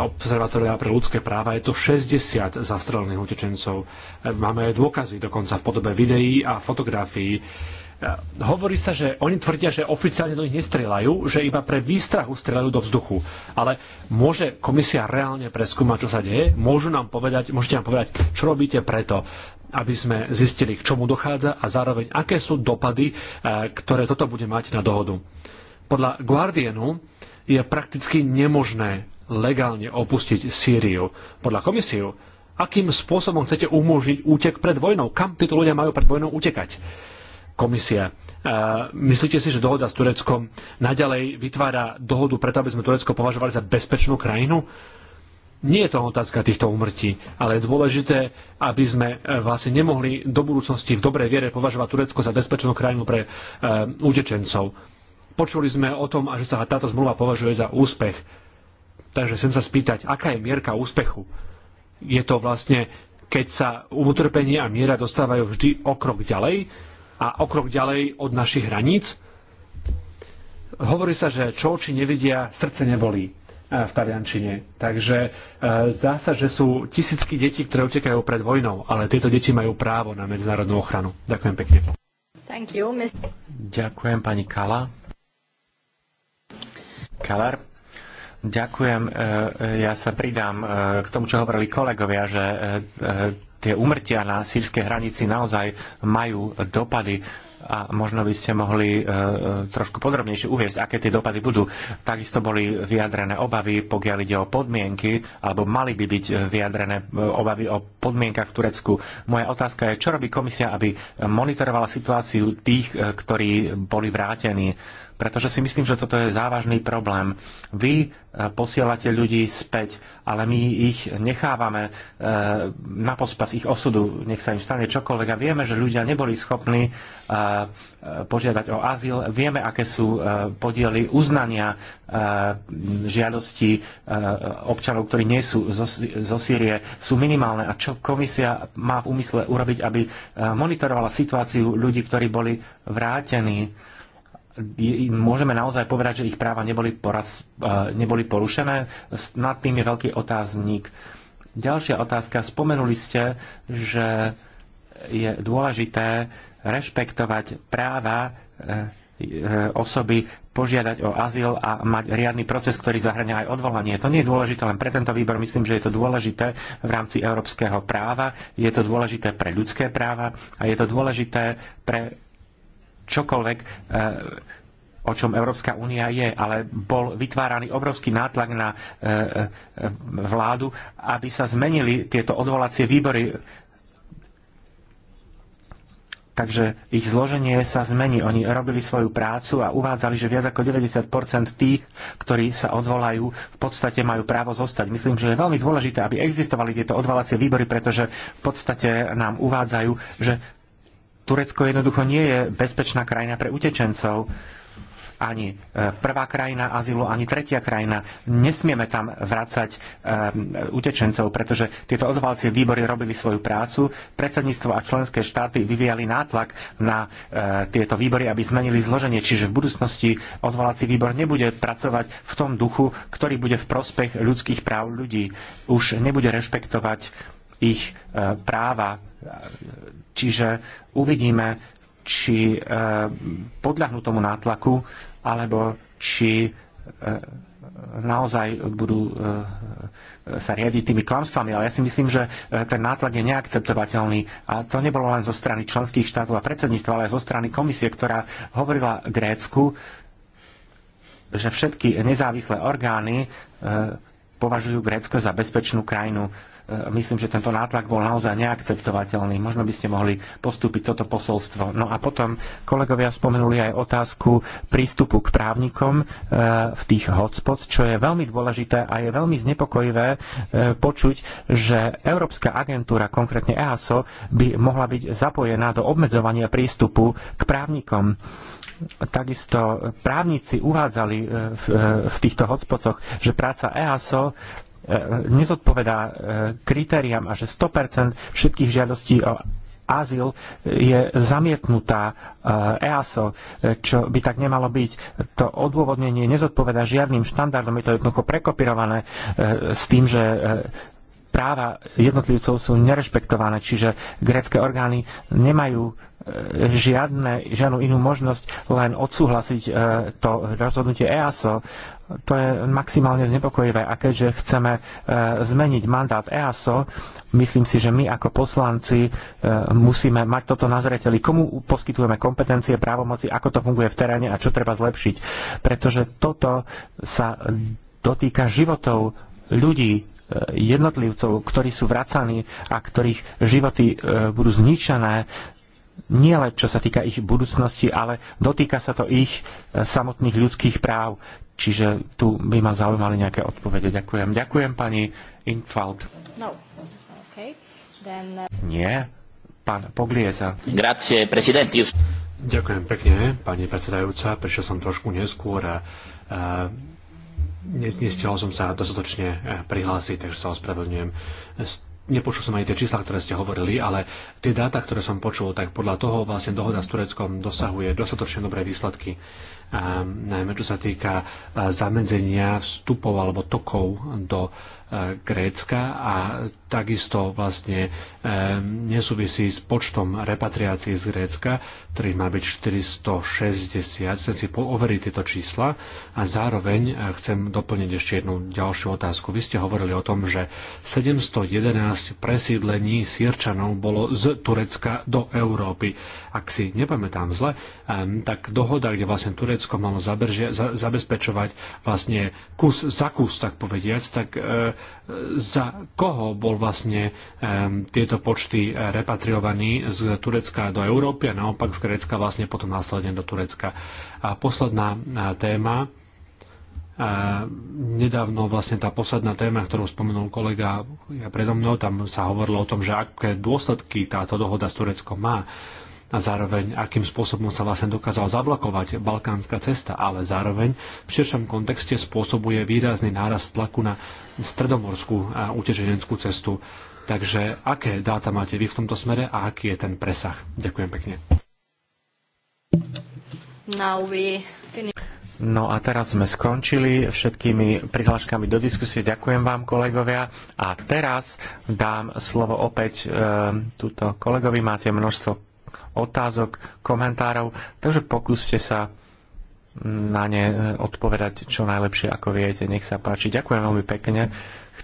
Observatória pre ľudské práva je to 60 zastrelených utečencov. Ehm, máme aj dôkazy dokonca v podobe videí a fotografií. Hovorí sa, že oni tvrdia, že oficiálne do nich nestrelajú, že iba pre výstrahu strelajú do vzduchu. Ale môže komisia reálne preskúmať, čo sa deje? Môžu nám povedať, môžete nám povedať, čo robíte preto, aby sme zistili, k čomu dochádza a zároveň aké sú dopady, e, ktoré toto bude mať na dohodu. Podľa Guardianu je prakticky nemožné legálne opustiť Sýriu. Podľa komisiu, akým spôsobom chcete umožniť útek pred vojnou? Kam títo ľudia majú pred vojnou utekať? Komisia. E, myslíte si, že dohoda s Tureckom naďalej vytvára dohodu preto, aby sme Turecko považovali za bezpečnú krajinu? Nie je to otázka týchto umrtí, ale je dôležité, aby sme e, vlastne nemohli do budúcnosti v dobrej viere považovať Turecko za bezpečnú krajinu pre e, utečencov. Počuli sme o tom, že sa táto zmluva považuje za úspech. Takže chcem sa spýtať, aká je mierka úspechu? Je to vlastne, keď sa utrpenie a miera dostávajú vždy o krok ďalej a o krok ďalej od našich hraníc? Hovorí sa, že čo oči nevidia, srdce nebolí E, v Taliančine. Takže e, zdá sa, že sú tisícky detí, ktoré utekajú pred vojnou, ale tieto deti majú právo na medzinárodnú ochranu. Ďakujem pekne. Thank you, Ďakujem pani Kala. Kalar, Ďakujem. E, ja sa pridám k tomu, čo hovorili kolegovia, že tie úmrtia na sírskej hranici naozaj majú dopady a možno by ste mohli e, e, trošku podrobnejšie uviezť, aké tie dopady budú. Takisto boli vyjadrené obavy, pokiaľ ide o podmienky, alebo mali by byť e, vyjadrené obavy o podmienkach v Turecku. Moja otázka je, čo robí komisia, aby monitorovala situáciu tých, ktorí boli vrátení pretože si myslím, že toto je závažný problém. Vy e, posielate ľudí späť, ale my ich nechávame e, na pospas ich osudu, nech sa im stane čokoľvek. A vieme, že ľudia neboli schopní e, požiadať o azyl, vieme, aké sú podiely uznania žiadosti občanov, ktorí nie sú zo Sýrie, sú minimálne. A čo komisia má v úmysle urobiť, aby monitorovala situáciu ľudí, ktorí boli vrátení? môžeme naozaj povedať, že ich práva neboli, poraz, e, neboli porušené. Nad tým je veľký otáznik. Ďalšia otázka. Spomenuli ste, že je dôležité rešpektovať práva e, e, osoby požiadať o azyl a mať riadny proces, ktorý zahrania aj odvolanie. To nie je dôležité len pre tento výbor, myslím, že je to dôležité v rámci európskeho práva, je to dôležité pre ľudské práva a je to dôležité pre čokoľvek, eh, o čom Európska únia je, ale bol vytváraný obrovský nátlak na eh, eh, vládu, aby sa zmenili tieto odvolacie výbory. Takže ich zloženie sa zmení. Oni robili svoju prácu a uvádzali, že viac ako 90 tých, ktorí sa odvolajú, v podstate majú právo zostať. Myslím, že je veľmi dôležité, aby existovali tieto odvolacie výbory, pretože v podstate nám uvádzajú, že Turecko jednoducho nie je bezpečná krajina pre utečencov ani e, prvá krajina azylu, ani tretia krajina. Nesmieme tam vrácať e, utečencov, pretože tieto odvalcie výbory robili svoju prácu. Predsedníctvo a členské štáty vyvíjali nátlak na e, tieto výbory, aby zmenili zloženie. Čiže v budúcnosti odvalací výbor nebude pracovať v tom duchu, ktorý bude v prospech ľudských práv ľudí. Už nebude rešpektovať ich e, práva. Čiže uvidíme, či e, podľahnú tomu nátlaku, alebo či e, naozaj budú sa riadiť tými klamstvami, ale ja si myslím, že ten nátlak je neakceptovateľný. A to nebolo len zo strany členských štátov a predsedníctva, ale aj zo strany komisie, ktorá hovorila Grécku, že všetky nezávislé orgány považujú Grécko za bezpečnú krajinu. E, myslím, že tento nátlak bol naozaj neakceptovateľný. Možno by ste mohli postúpiť toto posolstvo. No a potom kolegovia spomenuli aj otázku prístupu k právnikom e, v tých hotspots, čo je veľmi dôležité a je veľmi znepokojivé e, počuť, že Európska agentúra, konkrétne EASO, by mohla byť zapojená do obmedzovania prístupu k právnikom takisto právnici uvádzali v, v týchto hotspococh, že práca EASO E, nezodpovedá e, kritériám a že 100% všetkých žiadostí o azyl je zamietnutá EASO, e čo by tak nemalo byť. To odôvodnenie nezodpovedá žiadnym štandardom, je to jednoducho prekopirované s tým, že práva jednotlivcov sú nerešpektované, čiže grecké orgány nemajú žiadne, žiadnu inú možnosť len odsúhlasiť to rozhodnutie EASO to je maximálne znepokojivé. A keďže chceme e, zmeniť mandát EASO, myslím si, že my ako poslanci e, musíme mať toto na zreteli, komu poskytujeme kompetencie, právomoci, ako to funguje v teréne a čo treba zlepšiť. Pretože toto sa dotýka životov ľudí, e, jednotlivcov, ktorí sú vracaní a ktorých životy budú zničené nie len čo sa týka ich budúcnosti, ale dotýka sa to ich samotných ľudských práv. Čiže tu by ma zaujímali nejaké odpovede. Ďakujem. Ďakujem pani Infald. No. Okay. Then, uh, Nie. Pán Poglieza. Grazie, presidenti. Ďakujem pekne, pani predsedajúca. Prišiel som trošku neskôr. Uh, nestihol som sa dostatočne eh, prihlásiť, takže sa ospravedlňujem. Nepočul som aj tie čísla, ktoré ste hovorili, ale tie dáta, ktoré som počul, tak podľa toho vlastne dohoda s Tureckom dosahuje dostatočne dobré výsledky. A, najmä čo sa týka zamedzenia vstupov alebo tokov do Grécka a takisto vlastne eh, nesúvisí s počtom repatriácií z Grécka, ktorých má byť 460. Chcem si overiť tieto čísla a zároveň eh, chcem doplniť ešte jednu ďalšiu otázku. Vy ste hovorili o tom, že 711 presídlení Sierčanov bolo z Turecka do Európy. Ak si nepamätám zle, tak dohoda, kde vlastne Turecko malo zabezpečovať vlastne kus za kus, tak povediac, tak eh, za koho bol vlastne um, tieto počty eh, repatriovaní z Turecka do Európy a naopak z Grécka vlastne potom následne do Turecka. A posledná eh, téma, a eh, nedávno vlastne tá posledná téma, ktorú spomenul kolega ja predo mnou, tam sa hovorilo o tom, že aké dôsledky táto dohoda s Tureckom má a zároveň akým spôsobom sa vlastne dokázala zablokovať balkánska cesta, ale zároveň v širšom kontexte spôsobuje výrazný nárast tlaku na stredomorskú a uteženeckú cestu. Takže aké dáta máte vy v tomto smere a aký je ten presah? Ďakujem pekne. No a teraz sme skončili všetkými prihláškami do diskusie. Ďakujem vám, kolegovia. A teraz dám slovo opäť e, eh, túto kolegovi. Máte množstvo otázok, komentárov, takže pokúste sa na ne eh, odpovedať čo najlepšie, ako viete. Nech sa páči. Ďakujem veľmi pekne.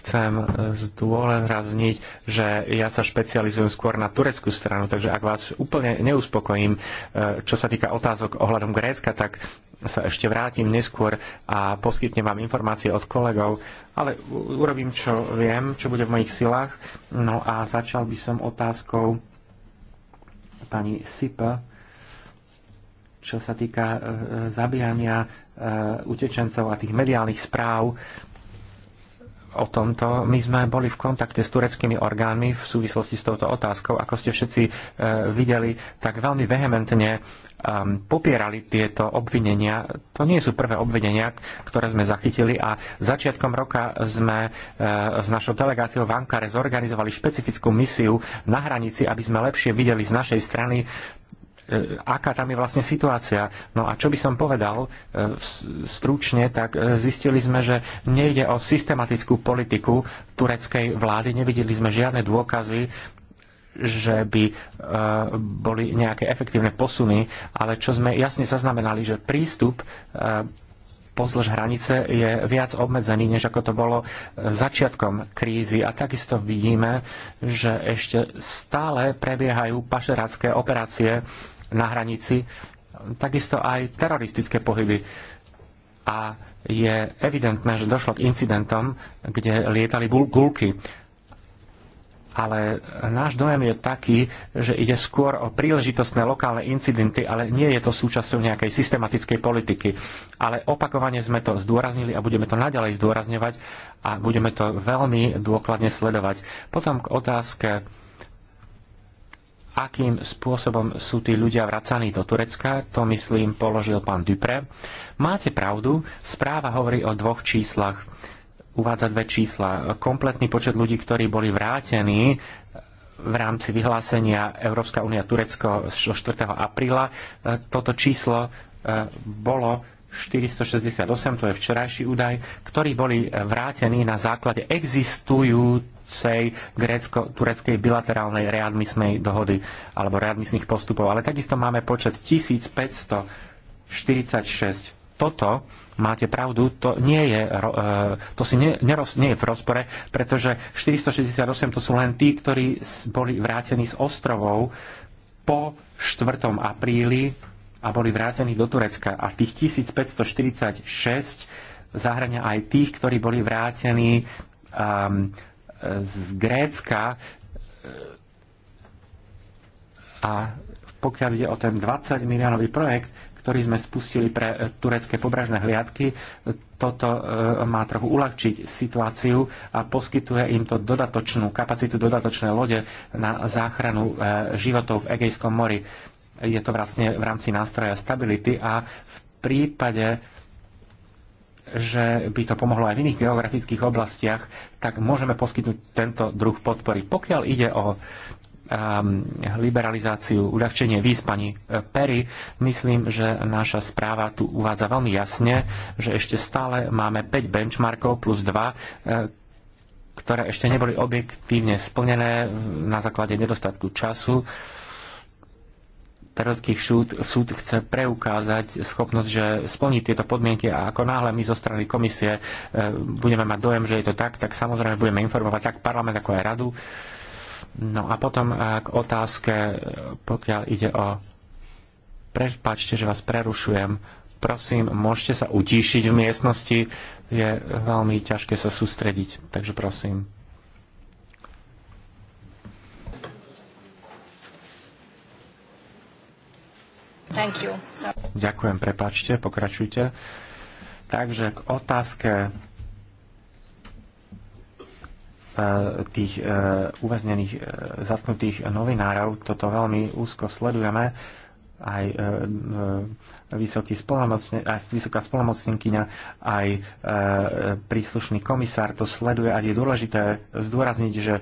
Chcem eh, zdôrazniť, že ja sa špecializujem skôr na tureckú stranu, takže ak vás úplne neuspokojím, eh, čo sa týka otázok ohľadom Grécka, tak sa ešte vrátim neskôr a poskytnem vám informácie od kolegov, ale urobím, čo viem, čo bude v mojich silách. No a začal by som otázkou pani Sip, čo sa týka e, e, zabíjania e, utečencov a tých mediálnych správ, o tomto. My sme boli v kontakte s tureckými orgánmi v súvislosti s touto otázkou. Ako ste všetci e, videli, tak veľmi vehementne e, popierali tieto obvinenia. To nie sú prvé obvinenia, ktoré sme zachytili a začiatkom roka sme e, s našou delegáciou v Ankare zorganizovali špecifickú misiu na hranici, aby sme lepšie videli z našej strany E, aká tam je vlastne situácia. No a čo by som povedal e, stručne, tak e, zistili sme, že nejde o systematickú politiku tureckej vlády, nevideli sme žiadne dôkazy, že by boli nejaké efektívne posuny, ale čo sme jasne zaznamenali, že prístup pozdĺž hranice je viac obmedzený, než ako to bolo začiatkom krízy. A takisto vidíme, že ešte stále prebiehajú pašerácké operácie na hranici, takisto aj teroristické pohyby. A je evidentné, že došlo k incidentom, kde lietali gulky. Ale náš dojem je taký, že ide skôr o príležitostné lokálne incidenty, ale nie je to súčasťou nejakej systematickej politiky. Ale opakovane sme to zdôraznili a budeme to naďalej zdôrazňovať a budeme to veľmi dôkladne sledovať. Potom k otázke akým spôsobom sú tí ľudia vracaní do Turecka, to myslím položil pán Dupre. Máte pravdu, správa hovorí o dvoch číslach. Uvádza dve čísla. Kompletný počet ľudí, ktorí boli vrátení eh, v rámci vyhlásenia Európska únia Turecko 4. apríla. Eh, toto číslo eh, bolo 468, to je včerajší údaj, ktorí boli vrátení na základe existujúcej grécko, tureckej bilaterálnej readmisnej dohody alebo readmisných postupov. Ale takisto máme počet 1546. Toto máte pravdu, to, nie je, e, to si nie, nie je v rozpore, pretože 468 to sú len tí, ktorí boli vrátení z ostrovov po 4. apríli a boli vrátení do Turecka. A tých 1546 zahrania aj tých, ktorí boli vrátení um, z Grécka a pokiaľ ide o ten 20 miliónový projekt, ktorý sme spustili pre e, turecké pobražné hliadky, toto e, má trochu uľahčiť situáciu a poskytuje im to dodatočnú kapacitu, dodatočné lode na záchranu e, životov v Egejskom mori. Je to vlastne v rámci nástroja stability a v prípade, že by to pomohlo aj v iných geografických oblastiach, tak môžeme poskytnúť tento druh podpory. Pokiaľ ide o um, liberalizáciu, uľahčenie víz pani eh, Perry. Myslím, že naša správa tu uvádza veľmi jasne, že ešte stále máme 5 benchmarkov plus 2, eh, ktoré ešte neboli objektívne splnené na základe nedostatku času. Terorský súd, súd chce preukázať schopnosť, že splní tieto podmienky a ako náhle my zo strany komisie e, budeme mať dojem, že je to tak, tak samozrejme budeme informovať tak parlament ako aj radu. No a potom e, k otázke, e, pokiaľ ide o... prepačte, že vás prerušujem. Prosím, môžete sa utíšiť v miestnosti. Je veľmi ťažké sa sústrediť, takže prosím. Thank you. Ďakujem, prepáčte, pokračujte. Takže k otázke e, tých e, uväznených, e, zatknutých novinárov. Toto veľmi úzko sledujeme aj e, e, aj vysoká spolomocnenkyňa, aj e, príslušný komisár to sleduje a je dôležité zdôrazniť, že e,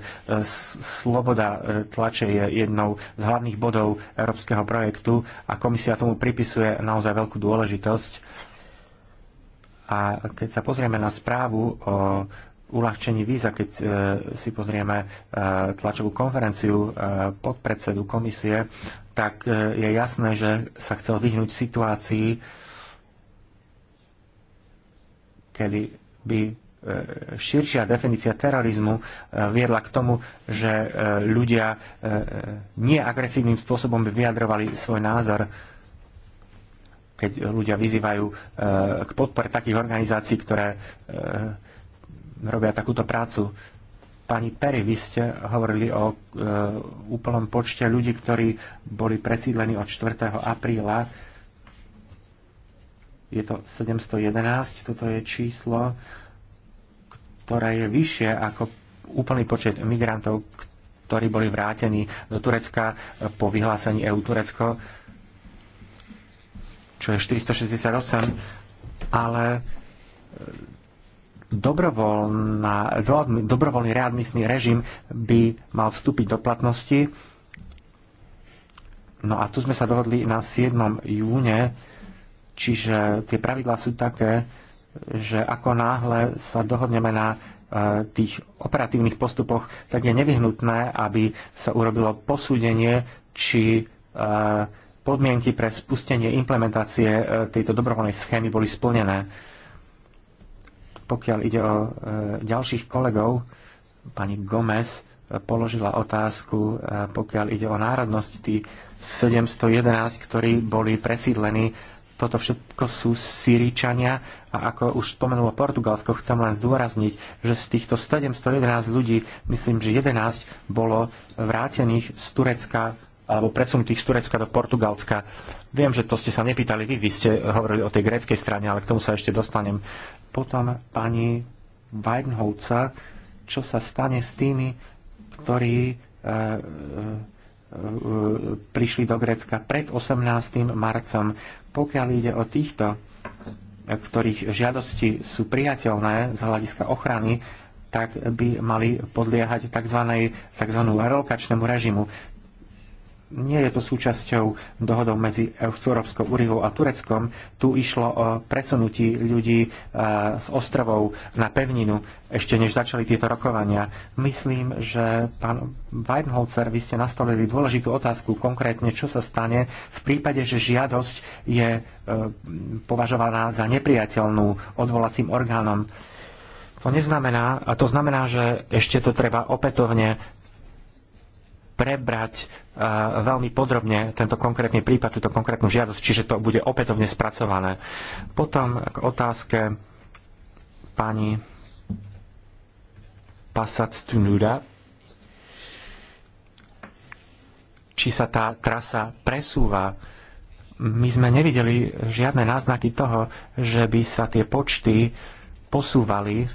sloboda e, tlače je jednou z hlavných bodov európskeho projektu a komisia tomu pripisuje naozaj veľkú dôležitosť. A keď sa pozrieme na správu o uľahčení víza, keď e, si pozrieme e, tlačovú konferenciu e, podpredsedu komisie, tak e, je jasné, že sa chcel vyhnúť situácii, kedy by širšia definícia terorizmu viedla k tomu, že ľudia e, neagresívnym spôsobom by vyjadrovali svoj názor. keď ľudia vyzývajú k podpore takých organizácií, ktoré robia takúto prácu. Pani Perry, vy ste hovorili o e, úplnom počte ľudí, ktorí boli presídlení od 4. apríla. Je to 711, toto je číslo, ktoré je vyššie ako úplný počet migrantov, ktorí boli vrátení do Turecka po vyhlásení EU Turecko, čo je 468, ale dobrovoľná, dobrovoľný readmisný režim by mal vstúpiť do platnosti. No a tu sme sa dohodli na 7. júne, čiže tie pravidlá sú také, že ako náhle sa dohodneme na e, tých operatívnych postupoch, tak je nevyhnutné, aby sa urobilo posúdenie, či e, podmienky pre spustenie implementácie e, tejto dobrovoľnej schémy boli splnené. Pokiaľ ide o e, ďalších kolegov, pani Gomez e, položila otázku, e, pokiaľ ide o národnosť tí 711, ktorí boli presídlení. Toto všetko sú Syričania a ako už spomenulo Portugalsko, chcem len zdôrazniť, že z týchto 711 ľudí, myslím, že 11 bolo vrátených z Turecka alebo presunutých z Turecka do Portugalska. Viem, že to ste sa nepýtali vy, vy ste hovorili o tej gréckej strane, ale k tomu sa ešte dostanem. Potom pani Weidenholca, čo sa stane s tými, ktorí e, e, e prišli do Grécka pred 18. marcom. Pokiaľ ide o týchto, e, ktorých žiadosti sú priateľné z hľadiska ochrany, tak by mali podliehať tzv. tzv. relokačnému režimu nie je to súčasťou dohodov medzi Európskou úniou a Tureckom. Tu išlo o presunutí ľudí e, z ostrovov na pevninu, ešte než začali tieto rokovania. Myslím, že pán Weidenholzer, vy ste nastavili dôležitú otázku, konkrétne čo sa stane v prípade, že žiadosť je e, považovaná za nepriateľnú odvolacím orgánom. To neznamená, a to znamená, že ešte to treba opätovne prebrať e, veľmi podrobne tento konkrétny prípad, túto konkrétnu žiadosť, čiže to bude opätovne spracované. Potom k otázke pani Passat Tunuda, či sa tá trasa presúva. My sme nevideli žiadne náznaky toho, že by sa tie počty posúvali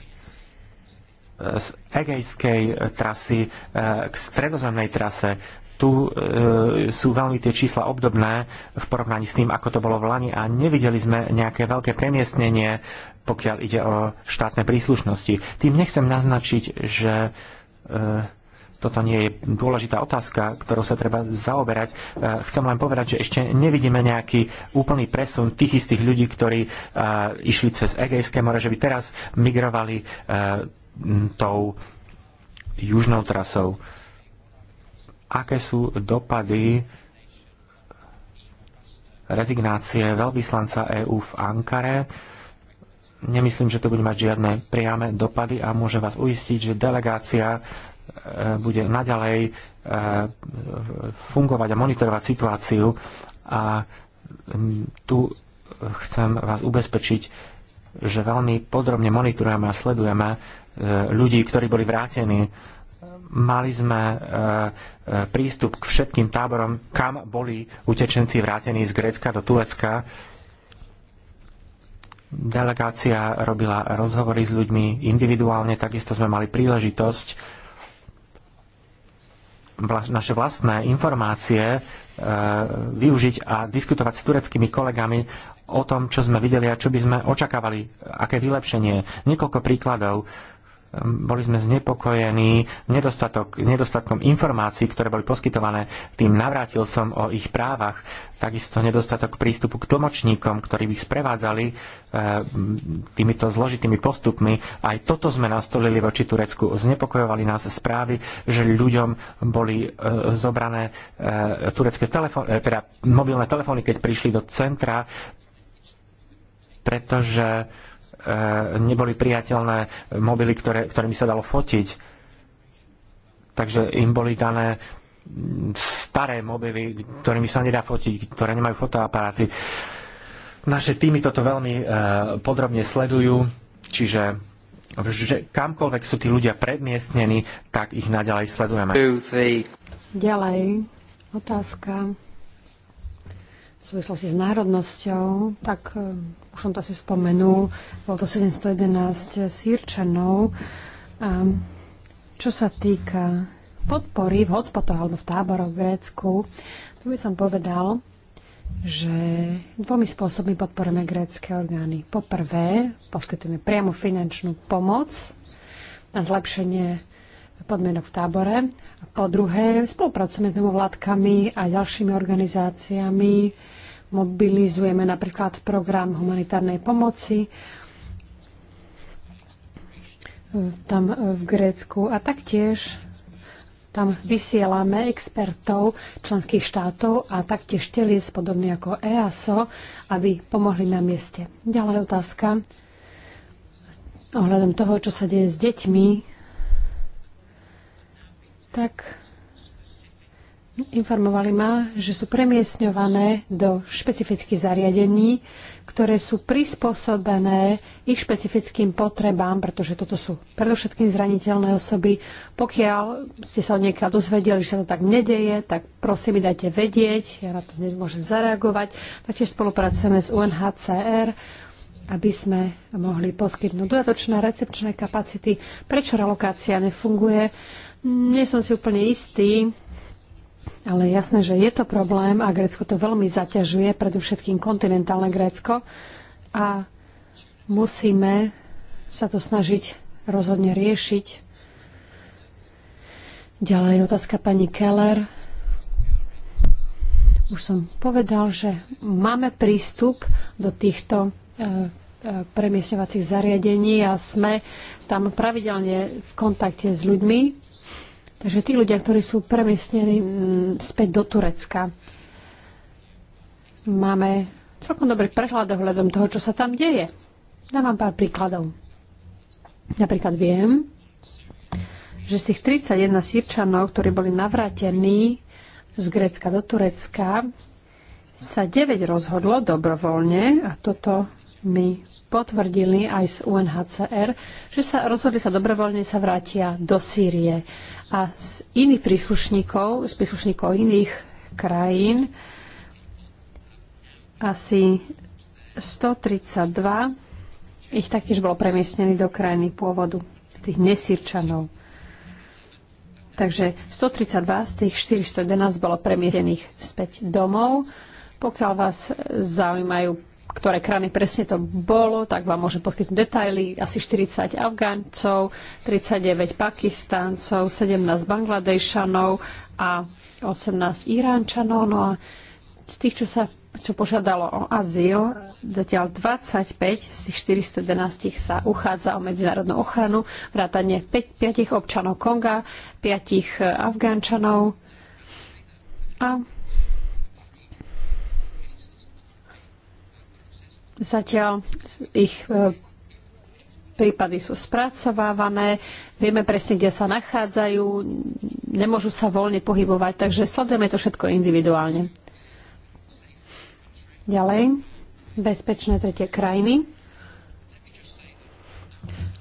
z egejskej e, trasy e, k stredozemnej trase. Tu e, sú veľmi tie čísla obdobné v porovnaní s tým, ako to bolo v Lani a nevideli sme nejaké veľké premiestnenie, pokiaľ ide o štátne príslušnosti. Tým nechcem naznačiť, že e, toto nie je dôležitá otázka, ktorou sa treba zaoberať. E, chcem len povedať, že ešte nevidíme nejaký úplný presun tých istých ľudí, ktorí išli cez Egejské more, že by teraz migrovali tou južnou trasou. Aké sú dopady rezignácie veľvyslanca EÚ v Ankare? Nemyslím, že to bude mať žiadne priame dopady a môžem vás uistiť, že delegácia e, bude naďalej e, fungovať a monitorovať situáciu a tu chcem vás ubezpečiť, že veľmi podrobne monitorujeme a sledujeme Eh, ľudí, ktorí boli vrátení. Mali sme eh, eh, prístup k všetkým táborom, kam boli utečenci vrátení z Grécka do Turecka. Delegácia robila rozhovory s ľuďmi individuálne, takisto sme mali príležitosť naše vlastné informácie využiť a diskutovať s tureckými kolegami o tom, čo sme videli a čo by sme očakávali, aké vylepšenie. Niekoľko príkladov boli sme znepokojení nedostatok, nedostatkom informácií, ktoré boli poskytované tým navrátilcom o ich právach, takisto nedostatok prístupu k tlmočníkom, ktorí by ich sprevádzali eh, týmito zložitými postupmi. Aj toto sme nastolili voči Turecku. Znepokojovali nás správy, že ľuďom boli eh, zobrané eh, turecké telefóny, teda mobilné telefóny, keď prišli do centra, pretože Eh, neboli priateľné mobily, ktoré, ktorými sa dalo fotiť. Takže im boli dané staré mobily, ktorými sa nedá fotiť, ktoré nemajú fotoaparáty. Naše týmy toto veľmi eh, podrobne sledujú, čiže že kamkoľvek sú tí ľudia predmiestnení, tak ich naďalej sledujeme. Ďalej otázka v súvislosti s národnosťou, tak e, už som to asi spomenul, bolo to 711 sírčanov. A čo sa týka podpory v hotspotoch alebo v táboroch v Grécku, tu by som povedal, že dvomi spôsobmi podporujeme grécké orgány. Poprvé, poskytujeme priamu finančnú pomoc na zlepšenie podmienok v tábore. A po druhé, spolupracujeme s mimovládkami a ďalšími organizáciami. Mobilizujeme napríklad program humanitárnej pomoci tam v Grécku a taktiež tam vysielame expertov členských štátov a taktiež telies podobne ako EASO, aby pomohli na mieste. Ďalej otázka ohľadom toho, čo sa deje s deťmi tak informovali ma, že sú premiesňované do špecifických zariadení, ktoré sú prispôsobené ich špecifickým potrebám, pretože toto sú predovšetkým zraniteľné osoby. Pokiaľ ste sa od niekiaľ dozvedeli, že sa to tak nedeje, tak prosím mi dajte vedieť, ja na to nemôžem zareagovať. Taktiež spolupracujeme s UNHCR, aby sme mohli poskytnúť dodatočné recepčné kapacity. Prečo relokácia nefunguje? Nie som si úplne istý, ale jasné, že je to problém a Grécko to veľmi zaťažuje, predovšetkým kontinentálne Grécko a musíme sa to snažiť rozhodne riešiť. Ďalej otázka pani Keller. Už som povedal, že máme prístup do týchto e, e premiesňovacích zariadení a sme tam pravidelne v kontakte s ľuďmi, Takže tí ľudia, ktorí sú premiestnení späť do Turecka, máme celkom dobrý prehľad ohľadom toho, čo sa tam deje. Dám vám pár príkladov. Napríklad viem, že z tých 31 sírčanov, ktorí boli navrátení z Grécka do Turecka, sa 9 rozhodlo dobrovoľne, a toto mi potvrdili aj z UNHCR, že sa rozhodli sa dobrovoľne sa vrátia do Sýrie. A z iných príslušníkov, z príslušníkov iných krajín, asi 132 ich taktiež bolo premiestnené do krajiny pôvodu, tých nesírčanov. Takže 132 z tých 411 bolo premiestnených späť domov. Pokiaľ vás zaujímajú ktoré krajiny presne to bolo, tak vám môžem poskytnúť detaily. Asi 40 Afgáncov, 39 Pakistáncov, 17 Bangladejšanov a 18 Iránčanov. No a z tých, čo sa čo požiadalo o azyl, zatiaľ 25 z tých 411 sa uchádza o medzinárodnú ochranu, vrátane 5, 5 občanov Konga, 5 eh, Afgánčanov a Zatiaľ ich e, prípady sú spracovávané, vieme presne, kde sa nachádzajú, nemôžu sa voľne pohybovať, takže sledujeme to všetko individuálne. Ďalej, bezpečné tretie krajiny.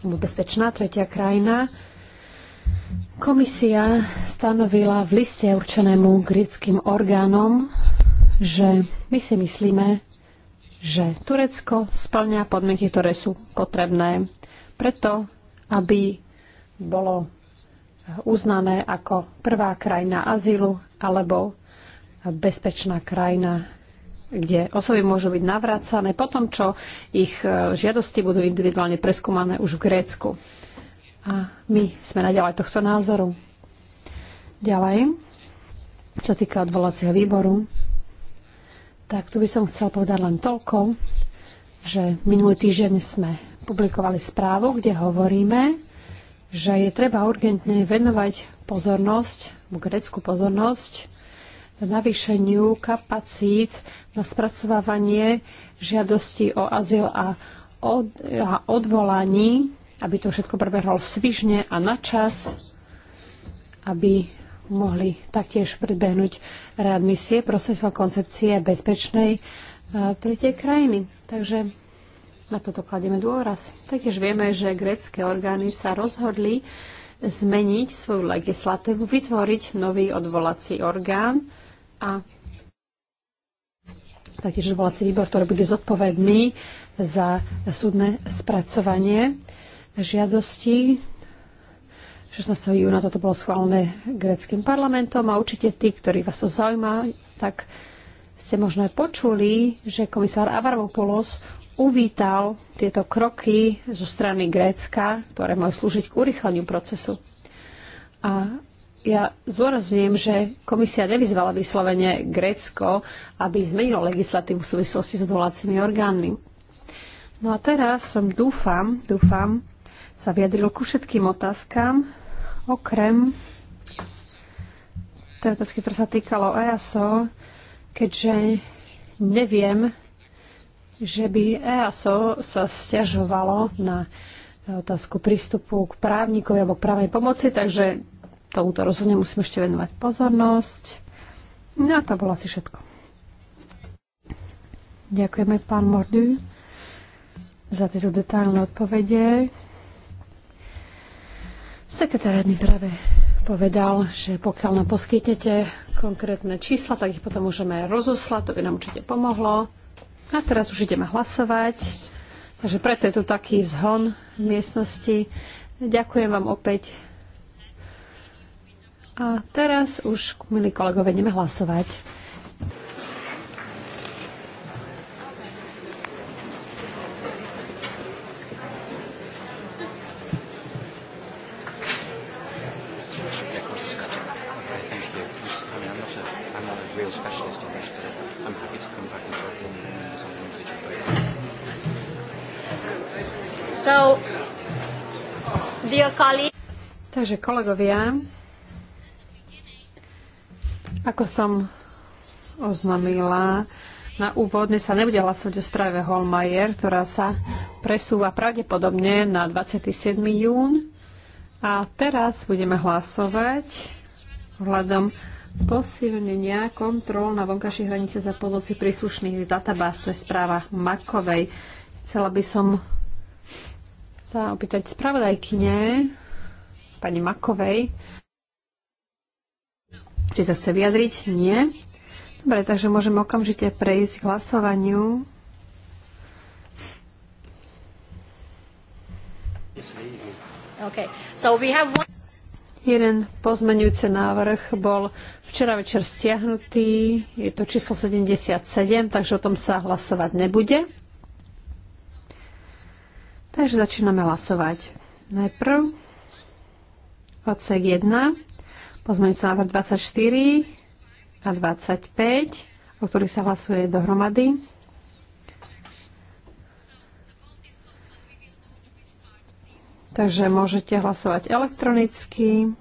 Bezpečná tretia krajina. Komisia stanovila v liste určenému greckým orgánom, že my si myslíme, že Turecko splňa podmienky, ktoré sú potrebné preto, aby bolo uznané ako prvá krajina azylu alebo bezpečná krajina, kde osoby môžu byť navracané po tom, čo ich e, žiadosti budú individuálne preskúmané už v Grécku. A my sme naďalej tohto názoru. Ďalej, čo týka odvolacieho výboru, tak tu by som chcel povedať len toľko, že minulý týždeň sme publikovali správu, kde hovoríme, že je treba urgentne venovať pozornosť, greckú pozornosť, navýšeniu kapacít na spracovávanie žiadosti o azyl a, od, a odvolaní, aby to všetko prebehlo svižne a na čas, aby mohli taktiež predbehnúť misie procesom koncepcie bezpečnej e, tretej krajiny. Takže na toto kladieme dôraz. Taktiež vieme, že grecké orgány sa rozhodli zmeniť svoju legislatívu, vytvoriť nový odvolací orgán a taktiež odvolací výbor, ktorý bude zodpovedný za súdne spracovanie žiadosti 16. júna toto bolo schválené greckým parlamentom a určite tí, ktorí vás to zaujíma, tak ste možno aj počuli, že komisár Avarvopoulos uvítal tieto kroky zo strany Grécka, ktoré majú slúžiť k urychleniu procesu. A ja zdôrazňujem, že komisia nevyzvala vyslovene Grécko, aby zmenilo legislatívu v súvislosti s odvolacími orgánmi. No a teraz som dúfam, dúfam, sa vyjadril ku všetkým otázkam, Okrem otázky, ktoré sa týkalo EASO, keďže neviem, že by EASO sa stiažovalo na otázku prístupu k právnikovi alebo k právnej pomoci, takže tomuto rozhodne musím ešte venovať pozornosť. No a to bolo asi všetko. Ďakujeme pán Mordu za tieto detailné odpovede. Sekretariat mi práve povedal, že pokiaľ nám poskytnete konkrétne čísla, tak ich potom môžeme rozoslať, to by nám určite pomohlo. A teraz už ideme hlasovať, takže preto je tu taký zhon v miestnosti. Ďakujem vám opäť. A teraz už, milí kolegovia, ideme hlasovať. Takže kolegovia, ako som oznamila, na úvodne sa nebude hlasovať o správe Holmajer, ktorá sa presúva pravdepodobne na 27. jún. A teraz budeme hlasovať hľadom posilnenia kontrol na vonkajších hranice za pomoci príslušných databáz, to je správa Makovej. Chcela by som sa opýtať spravodajkyne, pani Makovej, či sa chce vyjadriť. Nie. Dobre, takže môžeme okamžite prejsť k hlasovaniu. Okay. So we have one... Jeden pozmenujúci návrh bol včera večer stiahnutý, je to číslo 77, takže o tom sa hlasovať nebude. Takže začíname hlasovať. Najprv odsek 1, pozmeňujúci návrh 24 a 25, o ktorých sa hlasuje dohromady. Takže môžete hlasovať elektronicky.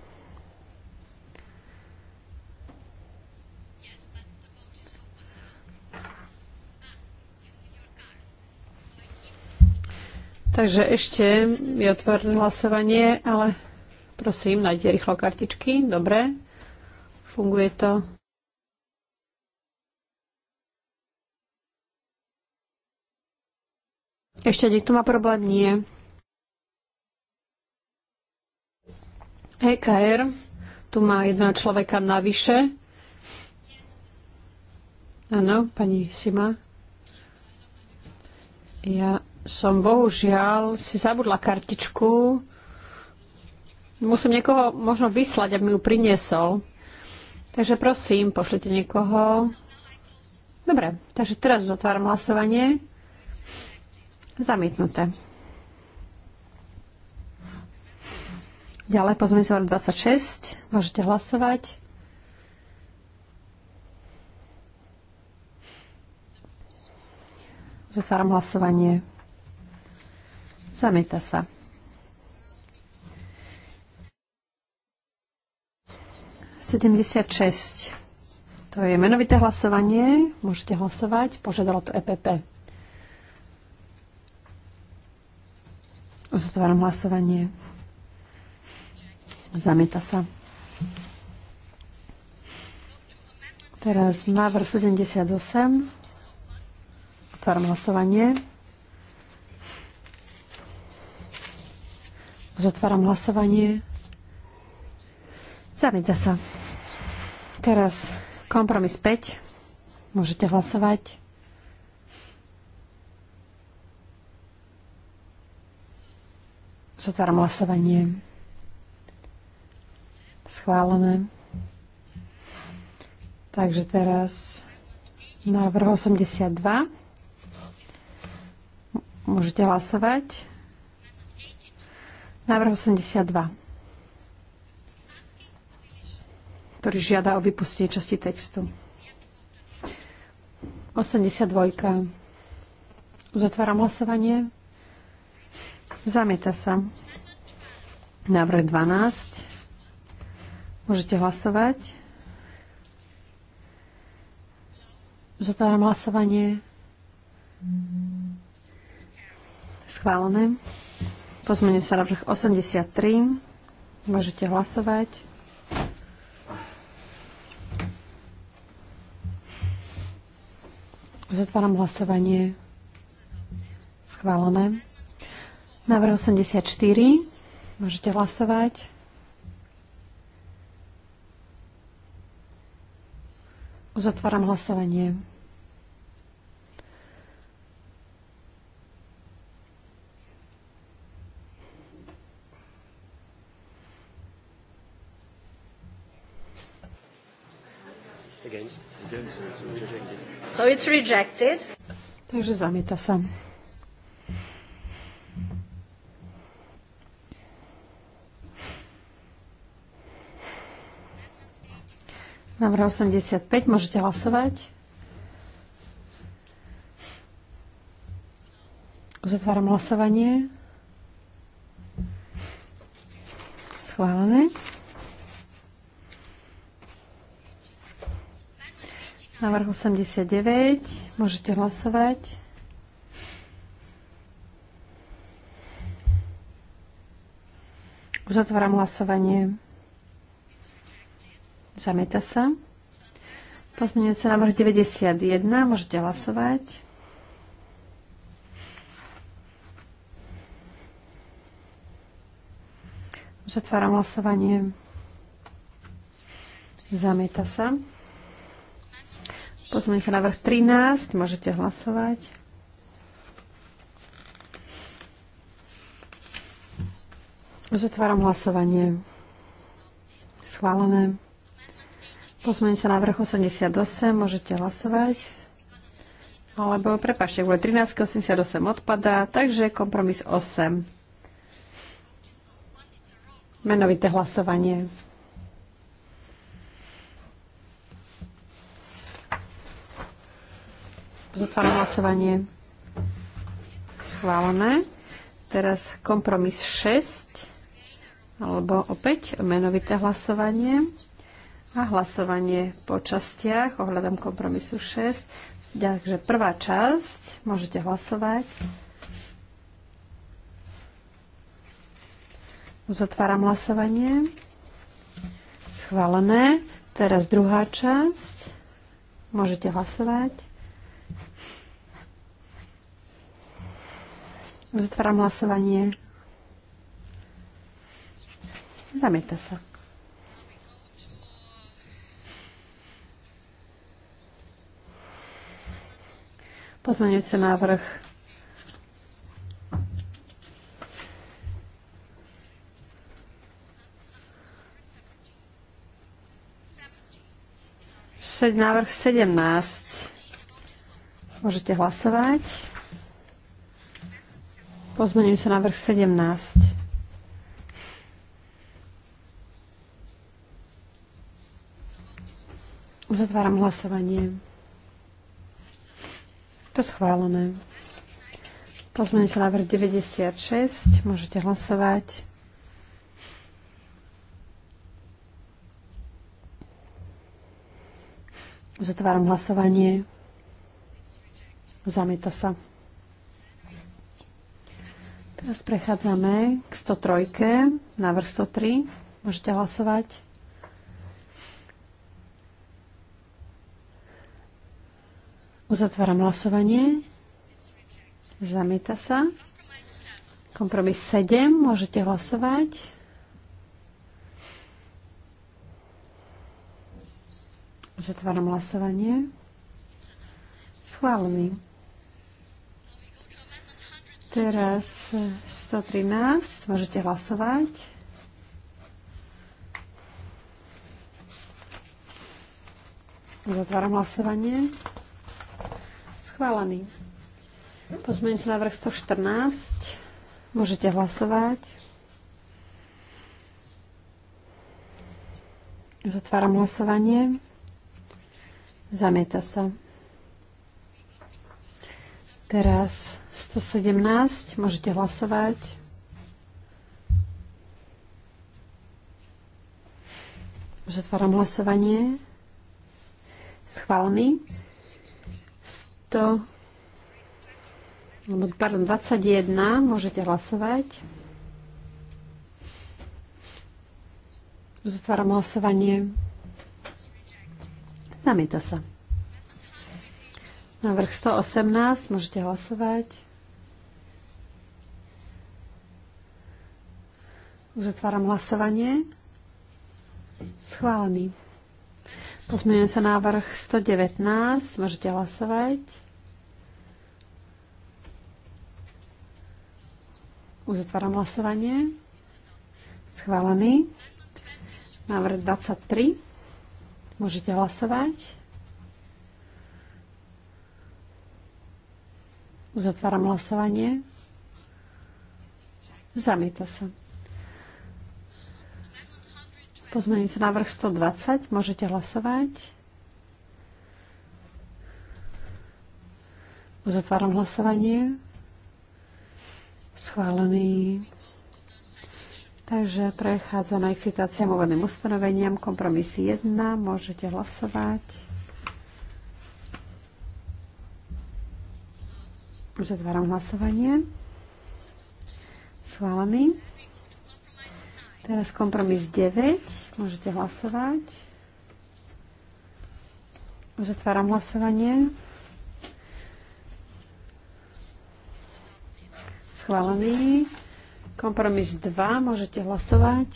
Takže ešte je otvorené hlasovanie, ale prosím, nájdete rýchlo kartičky. Dobre, funguje to. Ešte niekto má problém? Nie. EKR, tu má jedna človeka navyše. Áno, pani Sima. Ja som bohužiaľ si zabudla kartičku. Musím niekoho možno vyslať, aby mi ju priniesol. Takže prosím, pošlite niekoho. Dobre, takže teraz už otváram hlasovanie. Zamietnuté. Ďalej pozmeňujem 26. Môžete hlasovať. Zatváram hlasovanie. Zamieta sa. Sedemdesiat To je menovité hlasovanie. Môžete hlasovať. Požiadalo to EPP. Uzatváram hlasovanie. Zamieta sa. Teraz návrh 78. Otváram hlasovanie. Zatváram hlasovanie. Zamieta sa. Teraz kompromis 5. Môžete hlasovať. Zatváram hlasovanie. Schválené. Takže teraz návrh 82. Môžete hlasovať. Návrh 82, ktorý žiada o vypustenie časti textu. 82. Uzatváram hlasovanie. Zamieta sa. Návrh 12. Môžete hlasovať. Uzatváram hlasovanie. Schválené. Pozmeňujem sa návrh 83. Môžete hlasovať. Zatváram hlasovanie. Schválené. Návrh 84. Môžete hlasovať. Uzatváram hlasovanie. rejected. Takže zamieta sa. Návrh 85, môžete hlasovať. Uzatváram hlasovanie. Schválené. Návrh 89. Môžete hlasovať. Uzatváram hlasovanie. Zamieta sa. Pozmeňujúce návrh 91. Môžete hlasovať. Uzatváram hlasovanie. Zamieta sa. Pozmeňujúci návrh 13. Môžete hlasovať. Zatváram hlasovanie. Schválené. Pozmeňujúci návrh 88. Môžete hlasovať. Alebo, prepašte, kvôli 13. 88 odpadá, takže kompromis 8. Menovité hlasovanie. Zatváram hlasovanie. Schválené. Teraz kompromis 6, alebo opäť menovité hlasovanie a hlasovanie po častiach ohľadom kompromisu 6. Takže prvá časť, môžete hlasovať. Uzatváram hlasovanie. Schválené. Teraz druhá časť. Môžete hlasovať. Zatváram hlasovanie. Zamieta sa. Pozmeňujúci návrh návrh 17. Môžete hlasovať. Pozmením sa na vrch 17. Uzatváram hlasovanie. To schválené. na vrch 96. Môžete hlasovať. Uzatváram hlasovanie. Zamieta sa. Teraz prechádzame k 103, vrch 103. Môžete hlasovať. Uzatváram hlasovanie. Zamieta sa. Kompromis 7. Môžete hlasovať. Uzatváram hlasovanie. Schválený. Teraz 113, môžete hlasovať. Zatváram hlasovanie. Schválený. Pozmeňujúci návrh 114. Môžete hlasovať. Zatváram hlasovanie. Zamieta sa. Teraz 117, môžete hlasovať. Zatváram hlasovanie. Schválený. 100, pardon, 21, môžete hlasovať. Zatváram hlasovanie. Zamieta sa. Návrh 118, môžete hlasovať. Uzatváram hlasovanie. Schválený. Pozmeňujem sa návrh 119, môžete hlasovať. Uzatváram hlasovanie. Schválený. Návrh 23. Môžete hlasovať. Uzatváram hlasovanie. Zamieta sa. Pozmeňujúci návrh 120. Môžete hlasovať. Uzatváram hlasovanie. Schválený. Takže prechádzame k citáciám uvedným ustanoveniam. Kompromis 1. Môžete hlasovať. Zatváram hlasovanie. Schválený. Teraz kompromis 9. Môžete hlasovať. Zatváram hlasovanie. Schválený. Kompromis 2. Môžete hlasovať.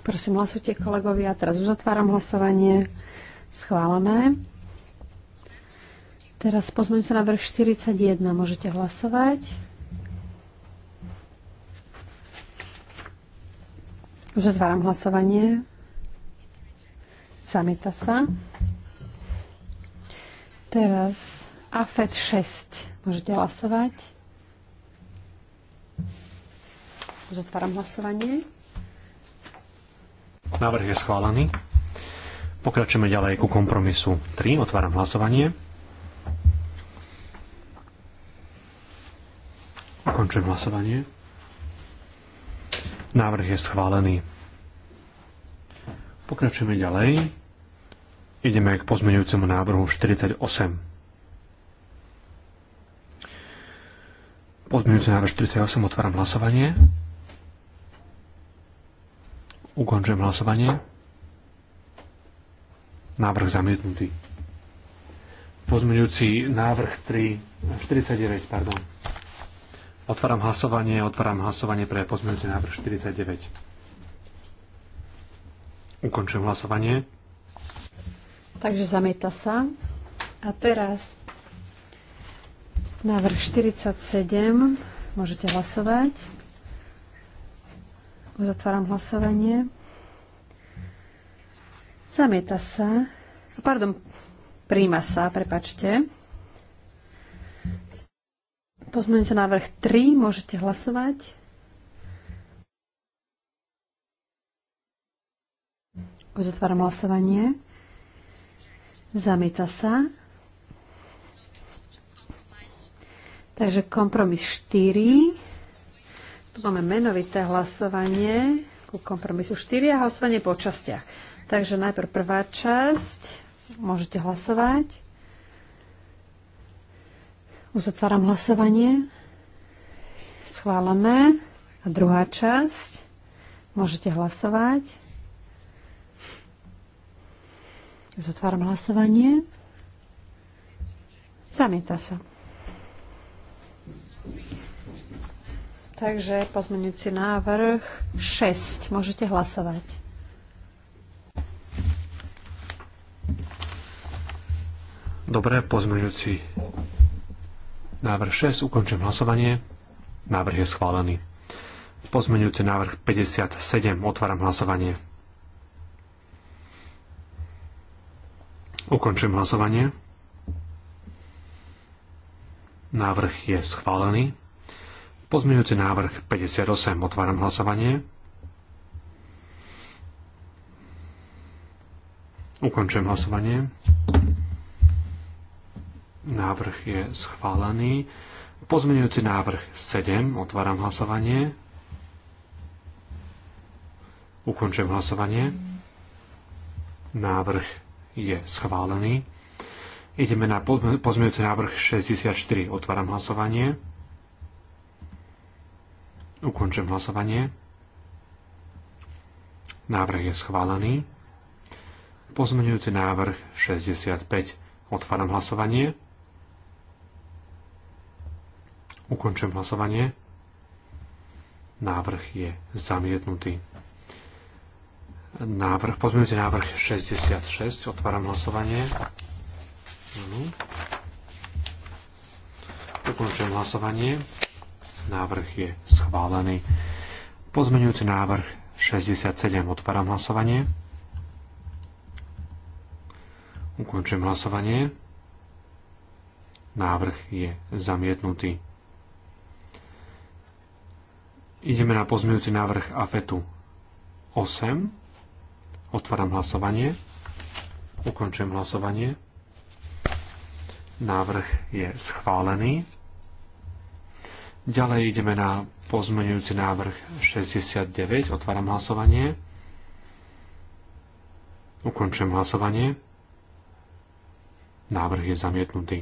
Prosím, hlasujte kolegovia. Teraz uzatváram hlasovanie. Schválené. Teraz na vrch 41. Môžete hlasovať. Už otváram hlasovanie. Zamieta sa. Teraz AFED 6. Môžete hlasovať. Už otváram hlasovanie. Návrh je schválený. Pokračujeme ďalej ku kompromisu 3. Otváram hlasovanie. Ukončujem hlasovanie. Návrh je schválený. Pokračujeme ďalej. Ideme k pozmeňujúcemu návrhu 48. Pozmeňujúci návrh 48, otváram hlasovanie. Ukončujem hlasovanie. Návrh zamietnutý. Pozmeňujúci návrh 3, 49, pardon. Otváram hlasovanie, otváram hlasovanie pre pozmeňujúci návrh 49. Ukončujem hlasovanie. Takže zamieta sa. A teraz návrh 47. Môžete hlasovať. Uzatváram hlasovanie. Zamieta sa. Pardon, príjma sa, prepačte. sa návrh 3, môžete hlasovať. Uzatváram hlasovanie. Zamieta sa. Takže kompromis 4. Tu máme menovité hlasovanie ku kompromisu 4 a hlasovanie po častiach. Takže najprv prvá časť. Môžete hlasovať. otváram hlasovanie. Schválené. A druhá časť. Môžete hlasovať. otváram hlasovanie. Zamieta sa. Takže pozmenujúci návrh 6. Môžete hlasovať. Dobre, pozmeňujúci návrh 6, ukončím hlasovanie. Návrh je schválený. Pozmeňujúci návrh 57, otváram hlasovanie. Ukončím hlasovanie. Návrh je schválený. Pozmeňujúci návrh 58. Otváram hlasovanie. Ukončujem hlasovanie. Návrh je schválený. Pozmenujúci návrh 7. Otváram hlasovanie. Ukončujem hlasovanie. Návrh je schválený. Ideme na pozmeňujúci návrh 64. Otváram hlasovanie. Ukončujem hlasovanie. Návrh je schválený. Pozmeňujúci návrh 65. Otváram hlasovanie. Ukončujem hlasovanie. Návrh je zamietnutý. Návrh, pozmeňujte návrh 66. Otváram hlasovanie. Ukončujem hlasovanie. Návrh je schválený. Pozmeňujúci návrh 67. Otváram hlasovanie. Ukončujem hlasovanie. Návrh je zamietnutý. Ideme na pozmeňujúci návrh AFETu 8. Otváram hlasovanie. Ukončujem hlasovanie. Návrh je schválený. Ďalej ideme na pozmeňujúci návrh 69. Otváram hlasovanie. Ukončujem hlasovanie. Návrh je zamietnutý.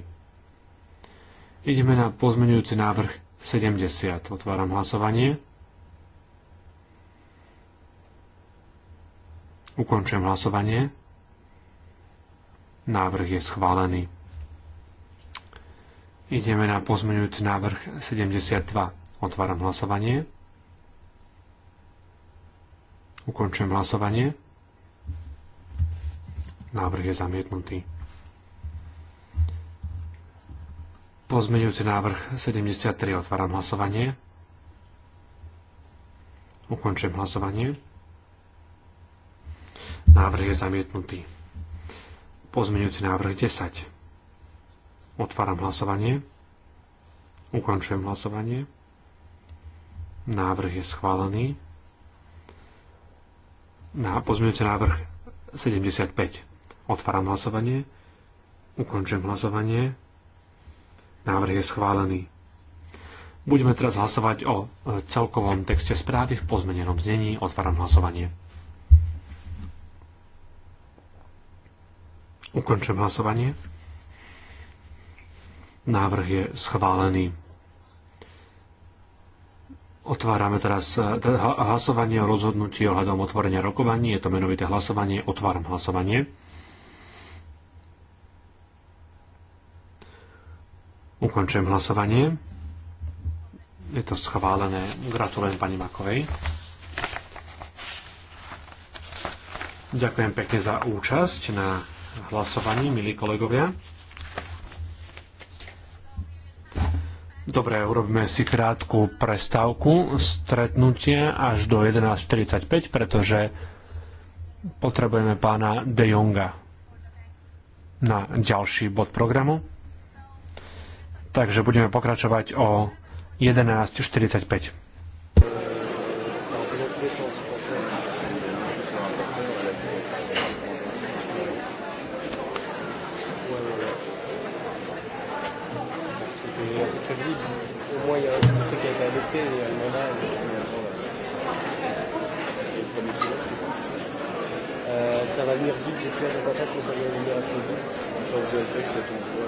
Ideme na pozmeňujúci návrh 70. Otváram hlasovanie. Ukončujem hlasovanie. Návrh je schválený. Ideme na pozmeňujúci návrh 72. Otváram hlasovanie. Ukončujem hlasovanie. Návrh je zamietnutý. Pozmeňujúci návrh 73. Otváram hlasovanie. Ukončujem hlasovanie. Návrh je zamietnutý. Pozmeňujúci návrh 10. Otváram hlasovanie. Ukončujem hlasovanie. Návrh je schválený. Na pozmeňujúci návrh 75. Otváram hlasovanie. Ukončujem hlasovanie. Návrh je schválený. Budeme teraz hlasovať o e, celkovom texte správy v pozmenenom znení. Otváram hlasovanie. Ukončujem hlasovanie. Návrh je schválený. Otvárame teraz eh, hlasovanie o rozhodnutí ohľadom otvorenia rokovaní. Je to menovité hlasovanie. Otváram hlasovanie. Ukončujem hlasovanie. Je to schválené. Gratulujem pani Makovej. Ďakujem pekne za účasť na hlasovaní, milí kolegovia. Dobre, urobíme si krátku prestávku, stretnutie až do 11.45, pretože potrebujeme pána De Jonga na ďalší bod programu. Takže budeme pokračovať o 11.45. lire vite et puis à la date, ça venir à ce vous avez le texte, et puis on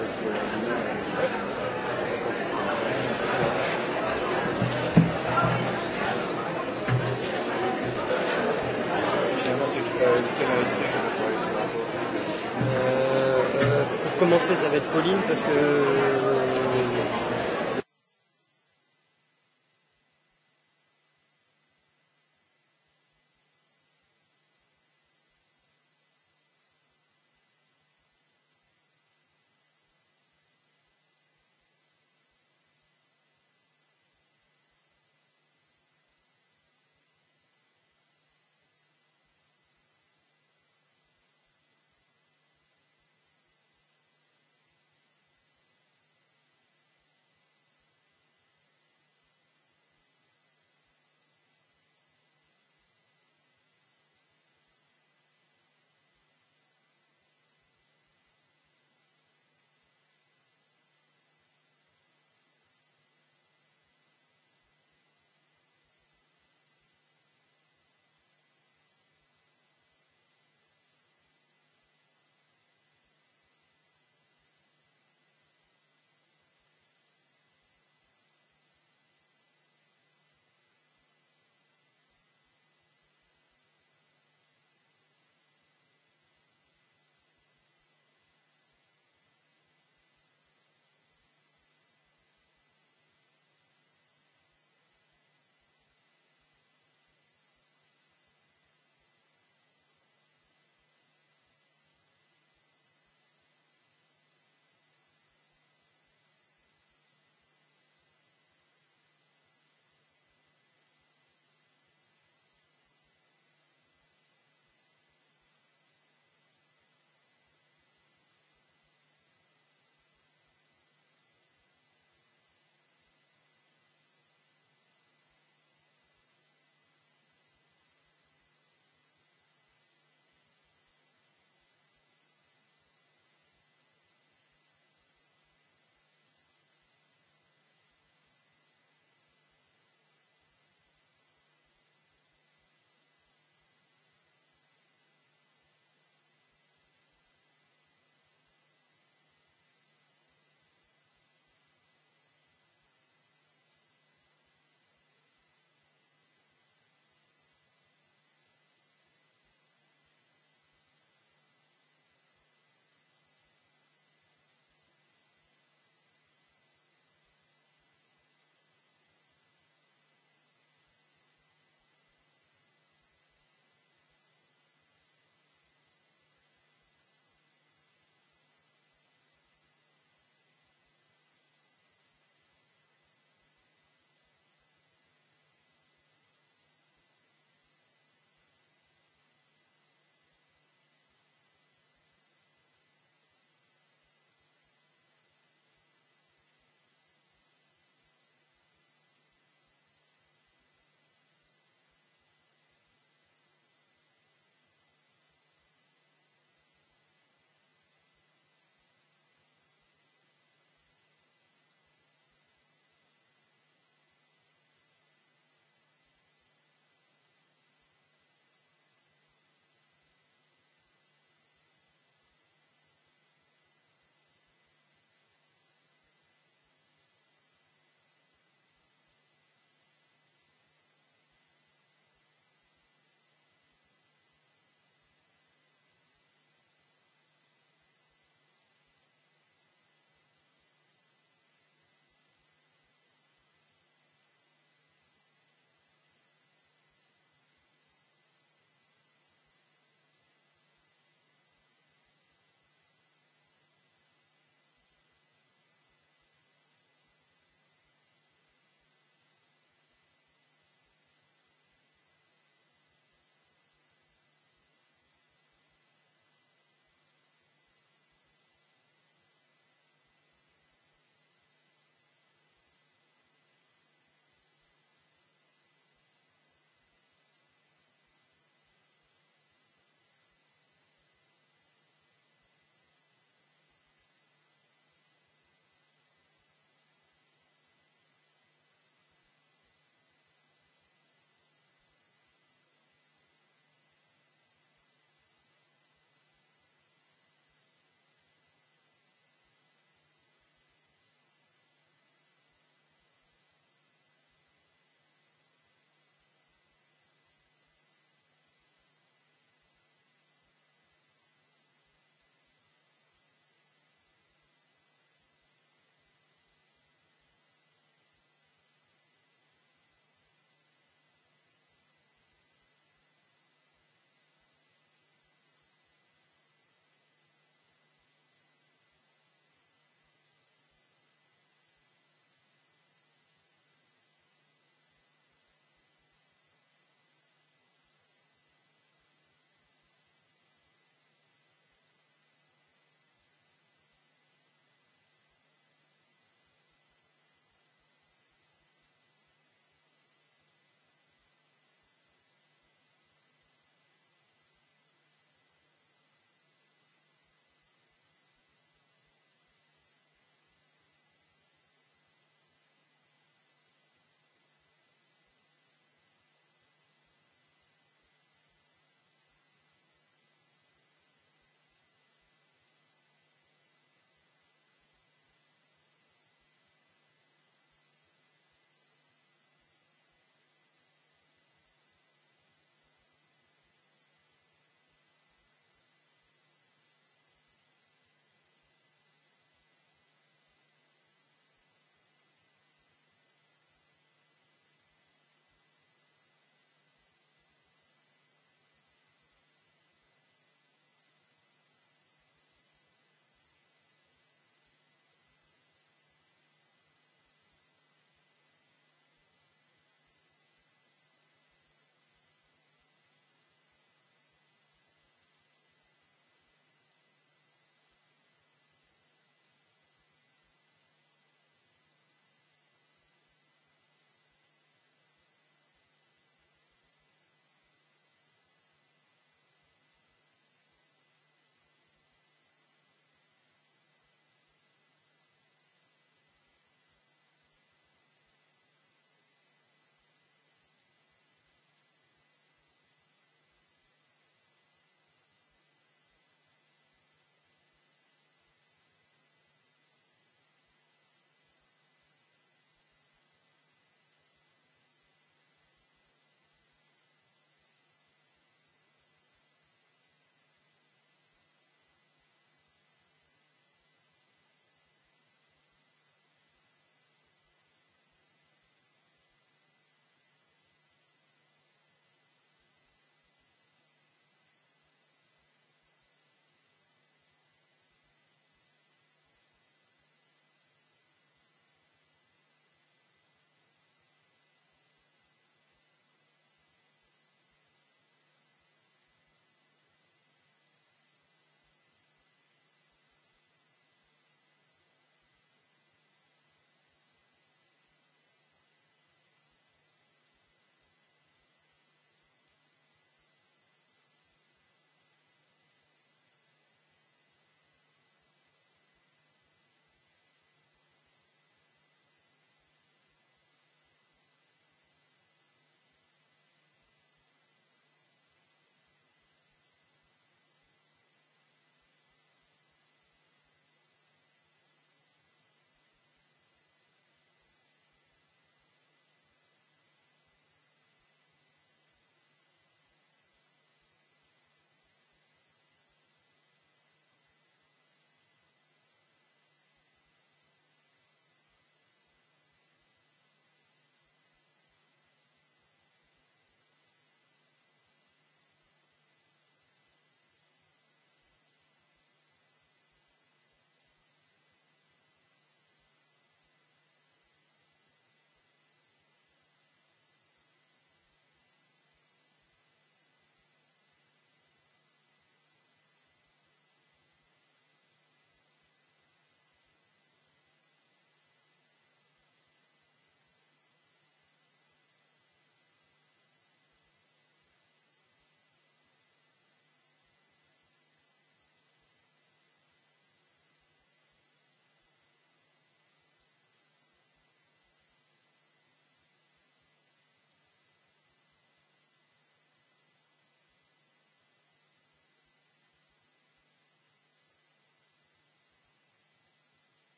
pour commencer, ça va être Pauline parce que euh,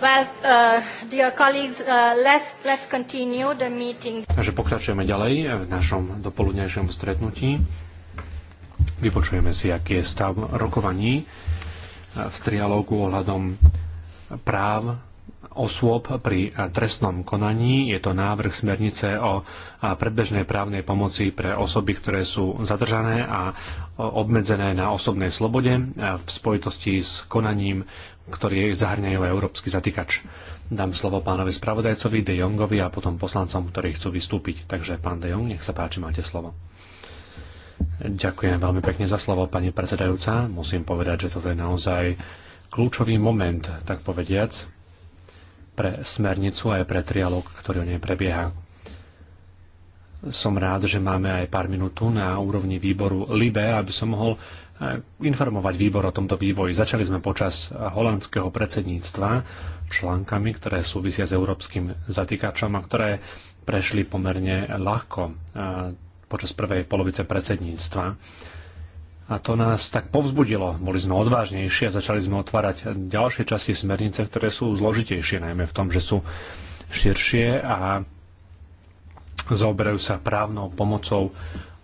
Well, uh, dear colleagues, uh, let's, let's continue the meeting. Takže pokračujeme ďalej v našom dopoludnejšom stretnutí. Vypočujeme si, aký je stav rokovaní uh, v trialógu ohľadom práv osôb pri eh, trestnom konaní. Je to návrh smernice o eh, predbežnej právnej pomoci pre osoby, ktoré sú zadržané a eh, obmedzené na osobnej slobode v spojitosti s konaním, ktorý zahrňajú európsky zatýkač. Dám slovo pánovi spravodajcovi De Jongovi a potom poslancom, ktorí chcú vystúpiť. Takže pán De Jong, nech sa páči, máte slovo. Ďakujem veľmi pekne za slovo, pani predsedajúca. Musím povedať, že toto je naozaj kľúčový moment, tak povediac, pre smernicu aj pre trialog, ktorý o nej prebieha. Som rád, že máme aj pár minút tu na úrovni výboru LIBE, aby som mohol eh, informovať výbor o tomto vývoji. Začali sme počas holandského predsedníctva článkami, ktoré súvisia s európskym zatýkačom a ktoré prešli pomerne ľahko eh, počas prvej polovice predsedníctva a to nás tak povzbudilo. Boli sme odvážnejšie a začali sme otvárať ďalšie časti smernice, ktoré sú zložitejšie, najmä v tom, že sú širšie a zaoberajú sa právnou pomocou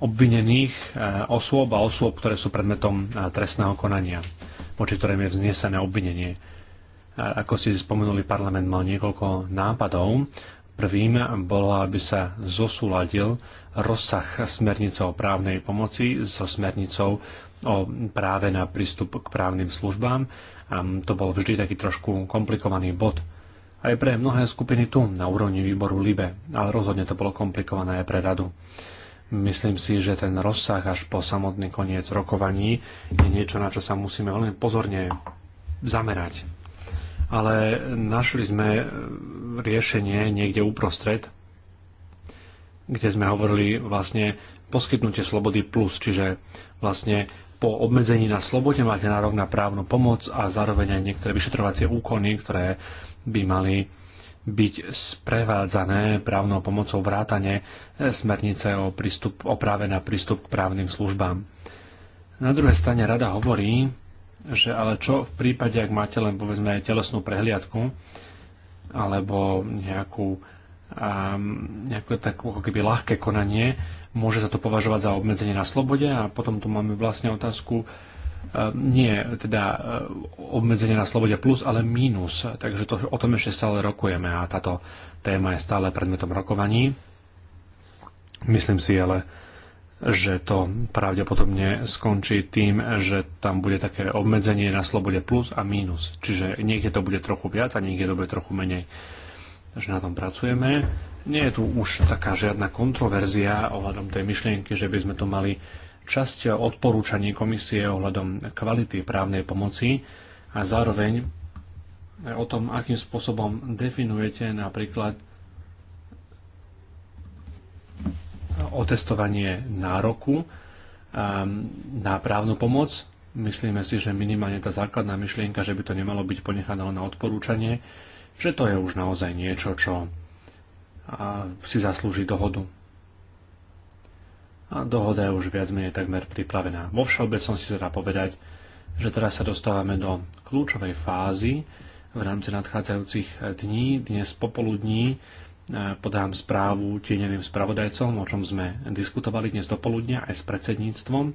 obvinených e, osôb a osôb, ktoré sú predmetom e, trestného konania, voči ktorým je vznesené obvinenie. Ako ste spomenuli, parlament mal niekoľko nápadov Prvým bola, aby sa zosúladil rozsah smernice o právnej pomoci so smernicou o práve na prístup k právnym službám. A to bol vždy taký trošku komplikovaný bod aj pre mnohé skupiny tu na úrovni výboru LIBE, ale rozhodne to bolo komplikované aj pre radu. Myslím si, že ten rozsah až po samotný koniec rokovaní je niečo, na čo sa musíme veľmi pozorne zamerať ale našli sme e, riešenie niekde uprostred, kde sme hovorili vlastne poskytnutie slobody plus, čiže vlastne po obmedzení na slobode máte nárok na právnu pomoc a zároveň aj niektoré vyšetrovacie úkony, ktoré by mali byť sprevádzané právnou pomocou vrátane e, smernice o, prístup, o práve na prístup k právnym službám. Na druhej strane rada hovorí, že ale čo v prípade, ak máte len povedzme telesnú prehliadku alebo nejakú, um, nejakú takú ako keby ľahké konanie, môže sa to považovať za obmedzenie na slobode a potom tu máme vlastne otázku um, nie teda um, obmedzenie na slobode plus, ale mínus. Takže to, o tom ešte stále rokujeme a táto téma je stále predmetom rokovaní. Myslím si ale, že to pravdepodobne skončí tým, že tam bude také obmedzenie na slobode plus a mínus. Čiže niekde to bude trochu viac a niekde to bude trochu menej. Takže na tom pracujeme. Nie je tu už taká žiadna kontroverzia ohľadom tej myšlienky, že by sme tu mali časť odporúčaní komisie ohľadom kvality právnej pomoci a zároveň o tom, akým spôsobom definujete napríklad otestovanie nároku um, na právnu pomoc. Myslíme si, že minimálne tá základná myšlienka, že by to nemalo byť ponechané na odporúčanie, že to je už naozaj niečo, čo si zaslúži dohodu. A dohoda je už viac menej takmer pripravená. Vo všeobecnosti sa dá povedať, že teraz sa dostávame do kľúčovej fázy v rámci nadchádzajúcich dní. Dnes popoludní E, podám správu tieneným spravodajcom, o čom sme diskutovali dnes dopoludne aj s predsedníctvom.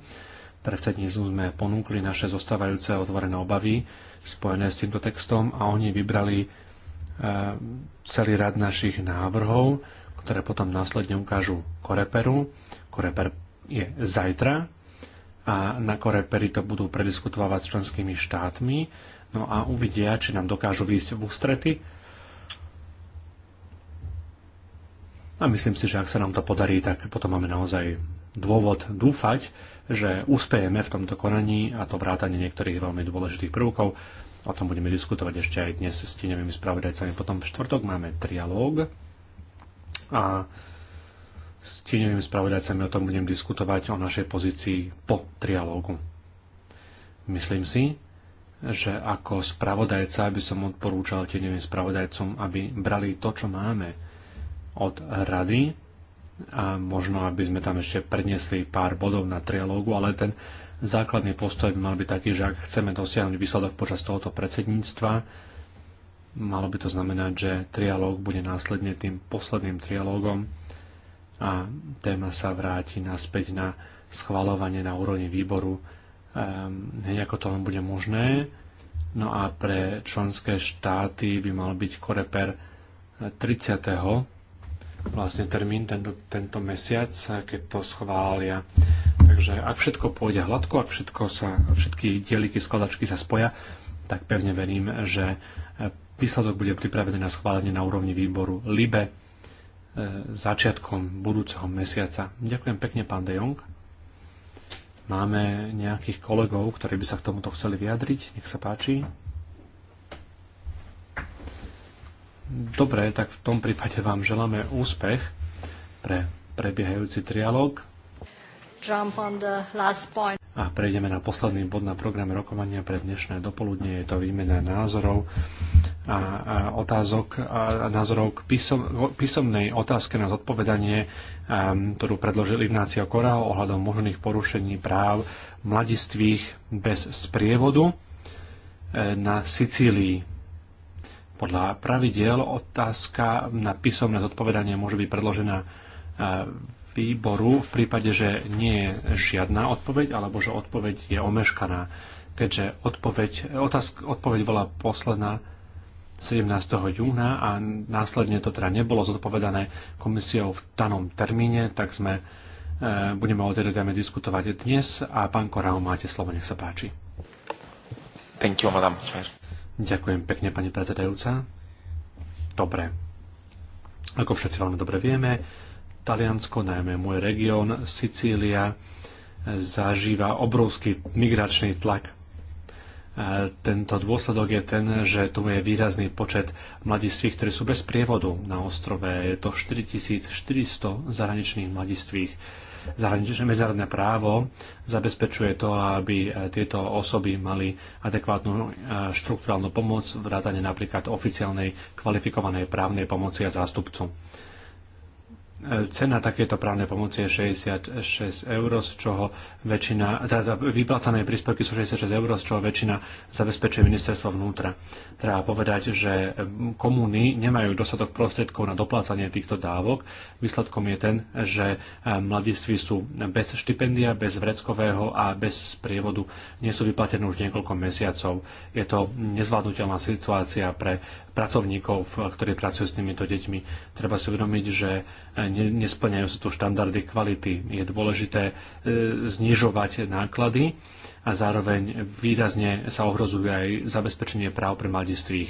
Predsedníctvom sme ponúkli naše zostávajúce otvorené obavy spojené s týmto textom a oni vybrali e, celý rad našich návrhov, ktoré potom následne ukážu Koreperu. Koreper je zajtra a na Koreperi to budú prediskutovať s členskými štátmi no a uvidia, či nám dokážu výjsť v ústrety A myslím si, že ak sa nám to podarí, tak potom máme naozaj dôvod dúfať, že uspejeme v tomto konaní a to vrátanie niektorých veľmi dôležitých prvkov. O tom budeme diskutovať ešte aj dnes s tieňovými spravodajcami. Potom v štvrtok máme trialóg a s tieňovými spravodajcami o tom budem diskutovať o našej pozícii po trialógu. Myslím si, že ako spravodajca by som odporúčal tieňovým spravodajcom, aby brali to, čo máme od rady a možno, aby sme tam ešte predniesli pár bodov na trialógu, ale ten základný postoj by mal byť taký, že ak chceme dosiahnuť výsledok počas tohoto predsedníctva, malo by to znamenať, že trialóg bude následne tým posledným trialógom a téma sa vráti naspäť na schvalovanie na úrovni výboru, ehm, hneď ehm, ako to len bude možné. No a pre členské štáty by mal byť koreper 30. Eh, vlastne termín tento, tento mesiac, keď to schvália. Takže ak všetko pôjde hladko, ak všetko sa, všetky dieliky skladačky sa spoja, tak pevne verím, že e, výsledok bude pripravený na schválenie na úrovni výboru LIBE e, začiatkom budúceho mesiaca. Ďakujem pekne, pán De Jong. Máme nejakých kolegov, ktorí by sa k tomuto chceli vyjadriť. Nech sa páči. Dobre, tak v tom prípade vám želáme úspech pre prebiehajúci trialóg. A prejdeme na posledný bod na programe rokovania pre dnešné dopoludne. Je to výmena názorov a, a otázok a názorov k písom, písomnej otázke na zodpovedanie, um, ktorú predložil Ignácio Korao ohľadom možných porušení práv mladistvých bez sprievodu e, na Sicílii. Podľa pravidiel otázka na písomné zodpovedanie môže byť predložená e, výboru v prípade, že nie je žiadna odpoveď alebo že odpoveď je omeškaná, keďže odpoveď, otázka, odpoveď bola posledná 17. júna a následne to teda nebolo zodpovedané komisiou v danom termíne, tak sme e, budeme o tejto téme diskutovať dnes a pán Korau, máte slovo, nech sa páči. Thank you, madam chair. Ďakujem pekne, pani predsedajúca. Dobre. Ako všetci veľmi dobre vieme, Taliansko, najmä môj región, Sicília, zažíva obrovský migračný tlak. Tento dôsledok je ten, že tu je výrazný počet mladistvých, ktorí sú bez prievodu na ostrove. Je to 4400 zahraničných mladistvých zahraničné medzárodné právo zabezpečuje to, aby e, tieto osoby mali adekvátnu e, štruktúrálnu pomoc, vrátane napríklad oficiálnej kvalifikovanej právnej pomoci a zástupcu. Cena takéto právnej pomoci je 66 eur, z čoho väčšina, teda vyplácané príspevky sú 66 eur, z čoho väčšina zabezpečuje ministerstvo vnútra. Treba povedať, že komúny nemajú dostatok prostriedkov na doplácanie týchto dávok. Výsledkom je ten, že eh, mladiství sú bez štipendia, bez vreckového a bez sprievodu. Nie sú vyplatené už niekoľko mesiacov. Je to nezvládnutelná situácia pre pracovníkov, ktorí pracujú s týmito deťmi. Treba si uvedomiť, že e, nesplňajú sa tu štandardy kvality. Je dôležité e, znižovať náklady a zároveň výrazne sa ohrozuje aj zabezpečenie práv pre mladistvých.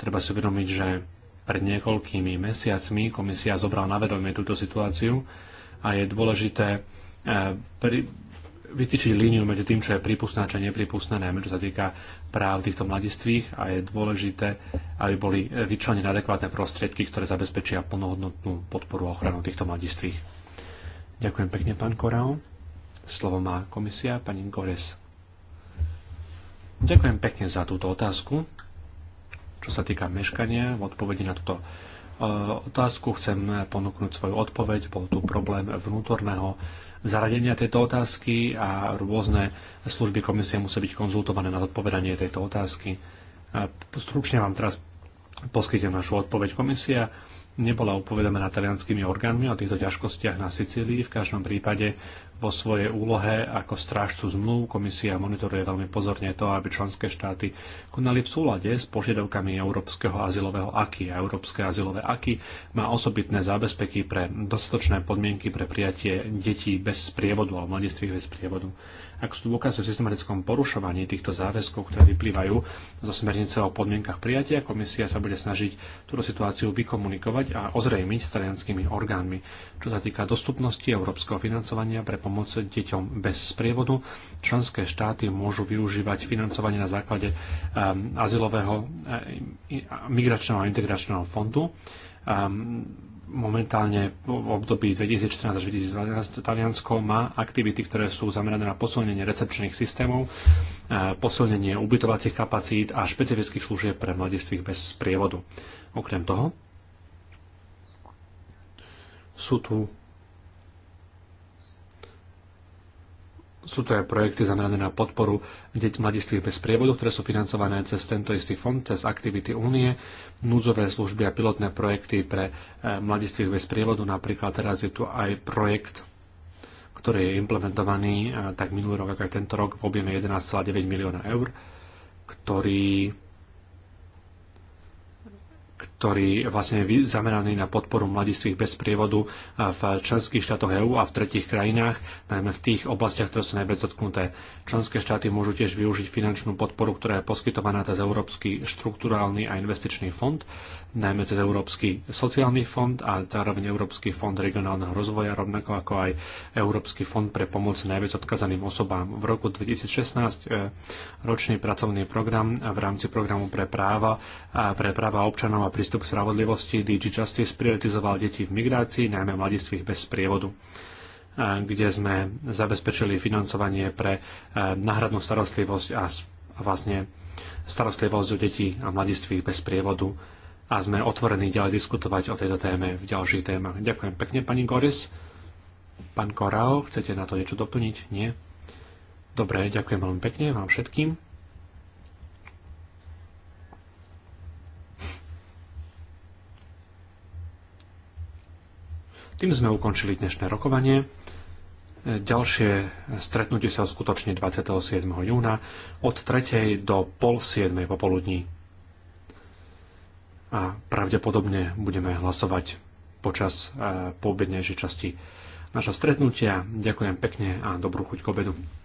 Treba si uvedomiť, že pred niekoľkými mesiacmi komisia zobrala na vedomie túto situáciu a je dôležité e, pri vytýčiť líniu medzi tým, čo je prípustné a čo je nepripustné, najmä čo sa týka práv týchto mladistvých a je dôležité, aby boli vyčlenené adekvátne prostriedky, ktoré zabezpečia plnohodnotnú podporu a ochranu týchto mladistvých. Ďakujem pekne, pán Korau. Slovo má komisia, pani Gores. Ďakujem pekne za túto otázku. Čo sa týka meškania, v odpovedi na túto e, otázku chcem ponúknuť svoju odpoveď. Bol tu problém vnútorného zaradenia tejto otázky a rôzne služby komisie musia byť konzultované na zodpovedanie tejto otázky. Stručne vám teraz poskytujem našu odpoveď. Komisia nebola upovedomená talianskými orgánmi o týchto ťažkostiach na Sicílii. V každom prípade vo svojej úlohe ako strážcu zmluv komisia monitoruje veľmi pozorne to, aby členské štáty konali v súlade s požiadavkami Európskeho azylového aky. Európske azylové aky má osobitné zábezpeky pre dostatočné podmienky pre prijatie detí bez sprievodu alebo mladistvých bez sprievodu ak sú dôkazy o systematickom porušovaní týchto záväzkov, ktoré vyplývajú zo smernice o podmienkach prijatia, komisia sa bude snažiť túto situáciu vykomunikovať a ozrejmiť s talianskými orgánmi, čo sa týka dostupnosti európskeho financovania pre pomoc deťom bez sprievodu. Členské štáty môžu využívať financovanie na základe um, azylového e, migračného a integračného fondu um, momentálne v období 2014 až 2012 Taliansko má aktivity, ktoré sú zamerané na posilnenie recepčných systémov, e, posilnenie ubytovacích kapacít a špecifických služieb pre mladistvých bez sprievodu. Okrem toho sú tu sú to aj projekty zamerané na podporu deť mladistvých bez prievodu, ktoré sú financované cez tento istý fond, cez aktivity únie núzové služby a pilotné projekty pre e, mladistvých bez prievodu. Napríklad teraz je tu aj projekt, ktorý je implementovaný e, tak minulý rok, ako aj tento rok v objeme 11,9 milióna eur, ktorý ktorý vlastne je zameraný na podporu mladistvých bez prievodu v členských štátoch EÚ a v tretich krajinách, najmä v tých oblastiach, ktoré sú najviac dotknuté. Členské štáty môžu tiež využiť finančnú podporu, ktorá je poskytovaná cez Európsky štruktúrálny a investičný fond, najmä cez Európsky sociálny fond a zároveň Európsky fond regionálneho rozvoja, rovnako ako aj Európsky fond pre pomoc najviac odkazaným osobám. V roku 2016 e, ročný pracovný program v rámci programu pre práva, pre práva občanov a prístup spravodlivosti DG Justice prioritizoval deti v migrácii, najmä mladistvých bez prievodu eh, kde sme zabezpečili financovanie pre eh, náhradnú starostlivosť a vlastne starostlivosť o detí a mladistvých bez prievodu a sme otvorení ďalej diskutovať o tejto téme v ďalších témach. Ďakujem pekne, pani Goris. Pán Korao, chcete na to niečo doplniť? Nie? Dobre, ďakujem veľmi pekne vám všetkým. Tým sme ukončili dnešné rokovanie. E, ďalšie stretnutie sa skutočne 27. júna od 3. do pol 7. popoludní. A pravdepodobne budeme hlasovať počas e, poobednejšej časti našho stretnutia. Ďakujem pekne a dobrú chuť k obedu.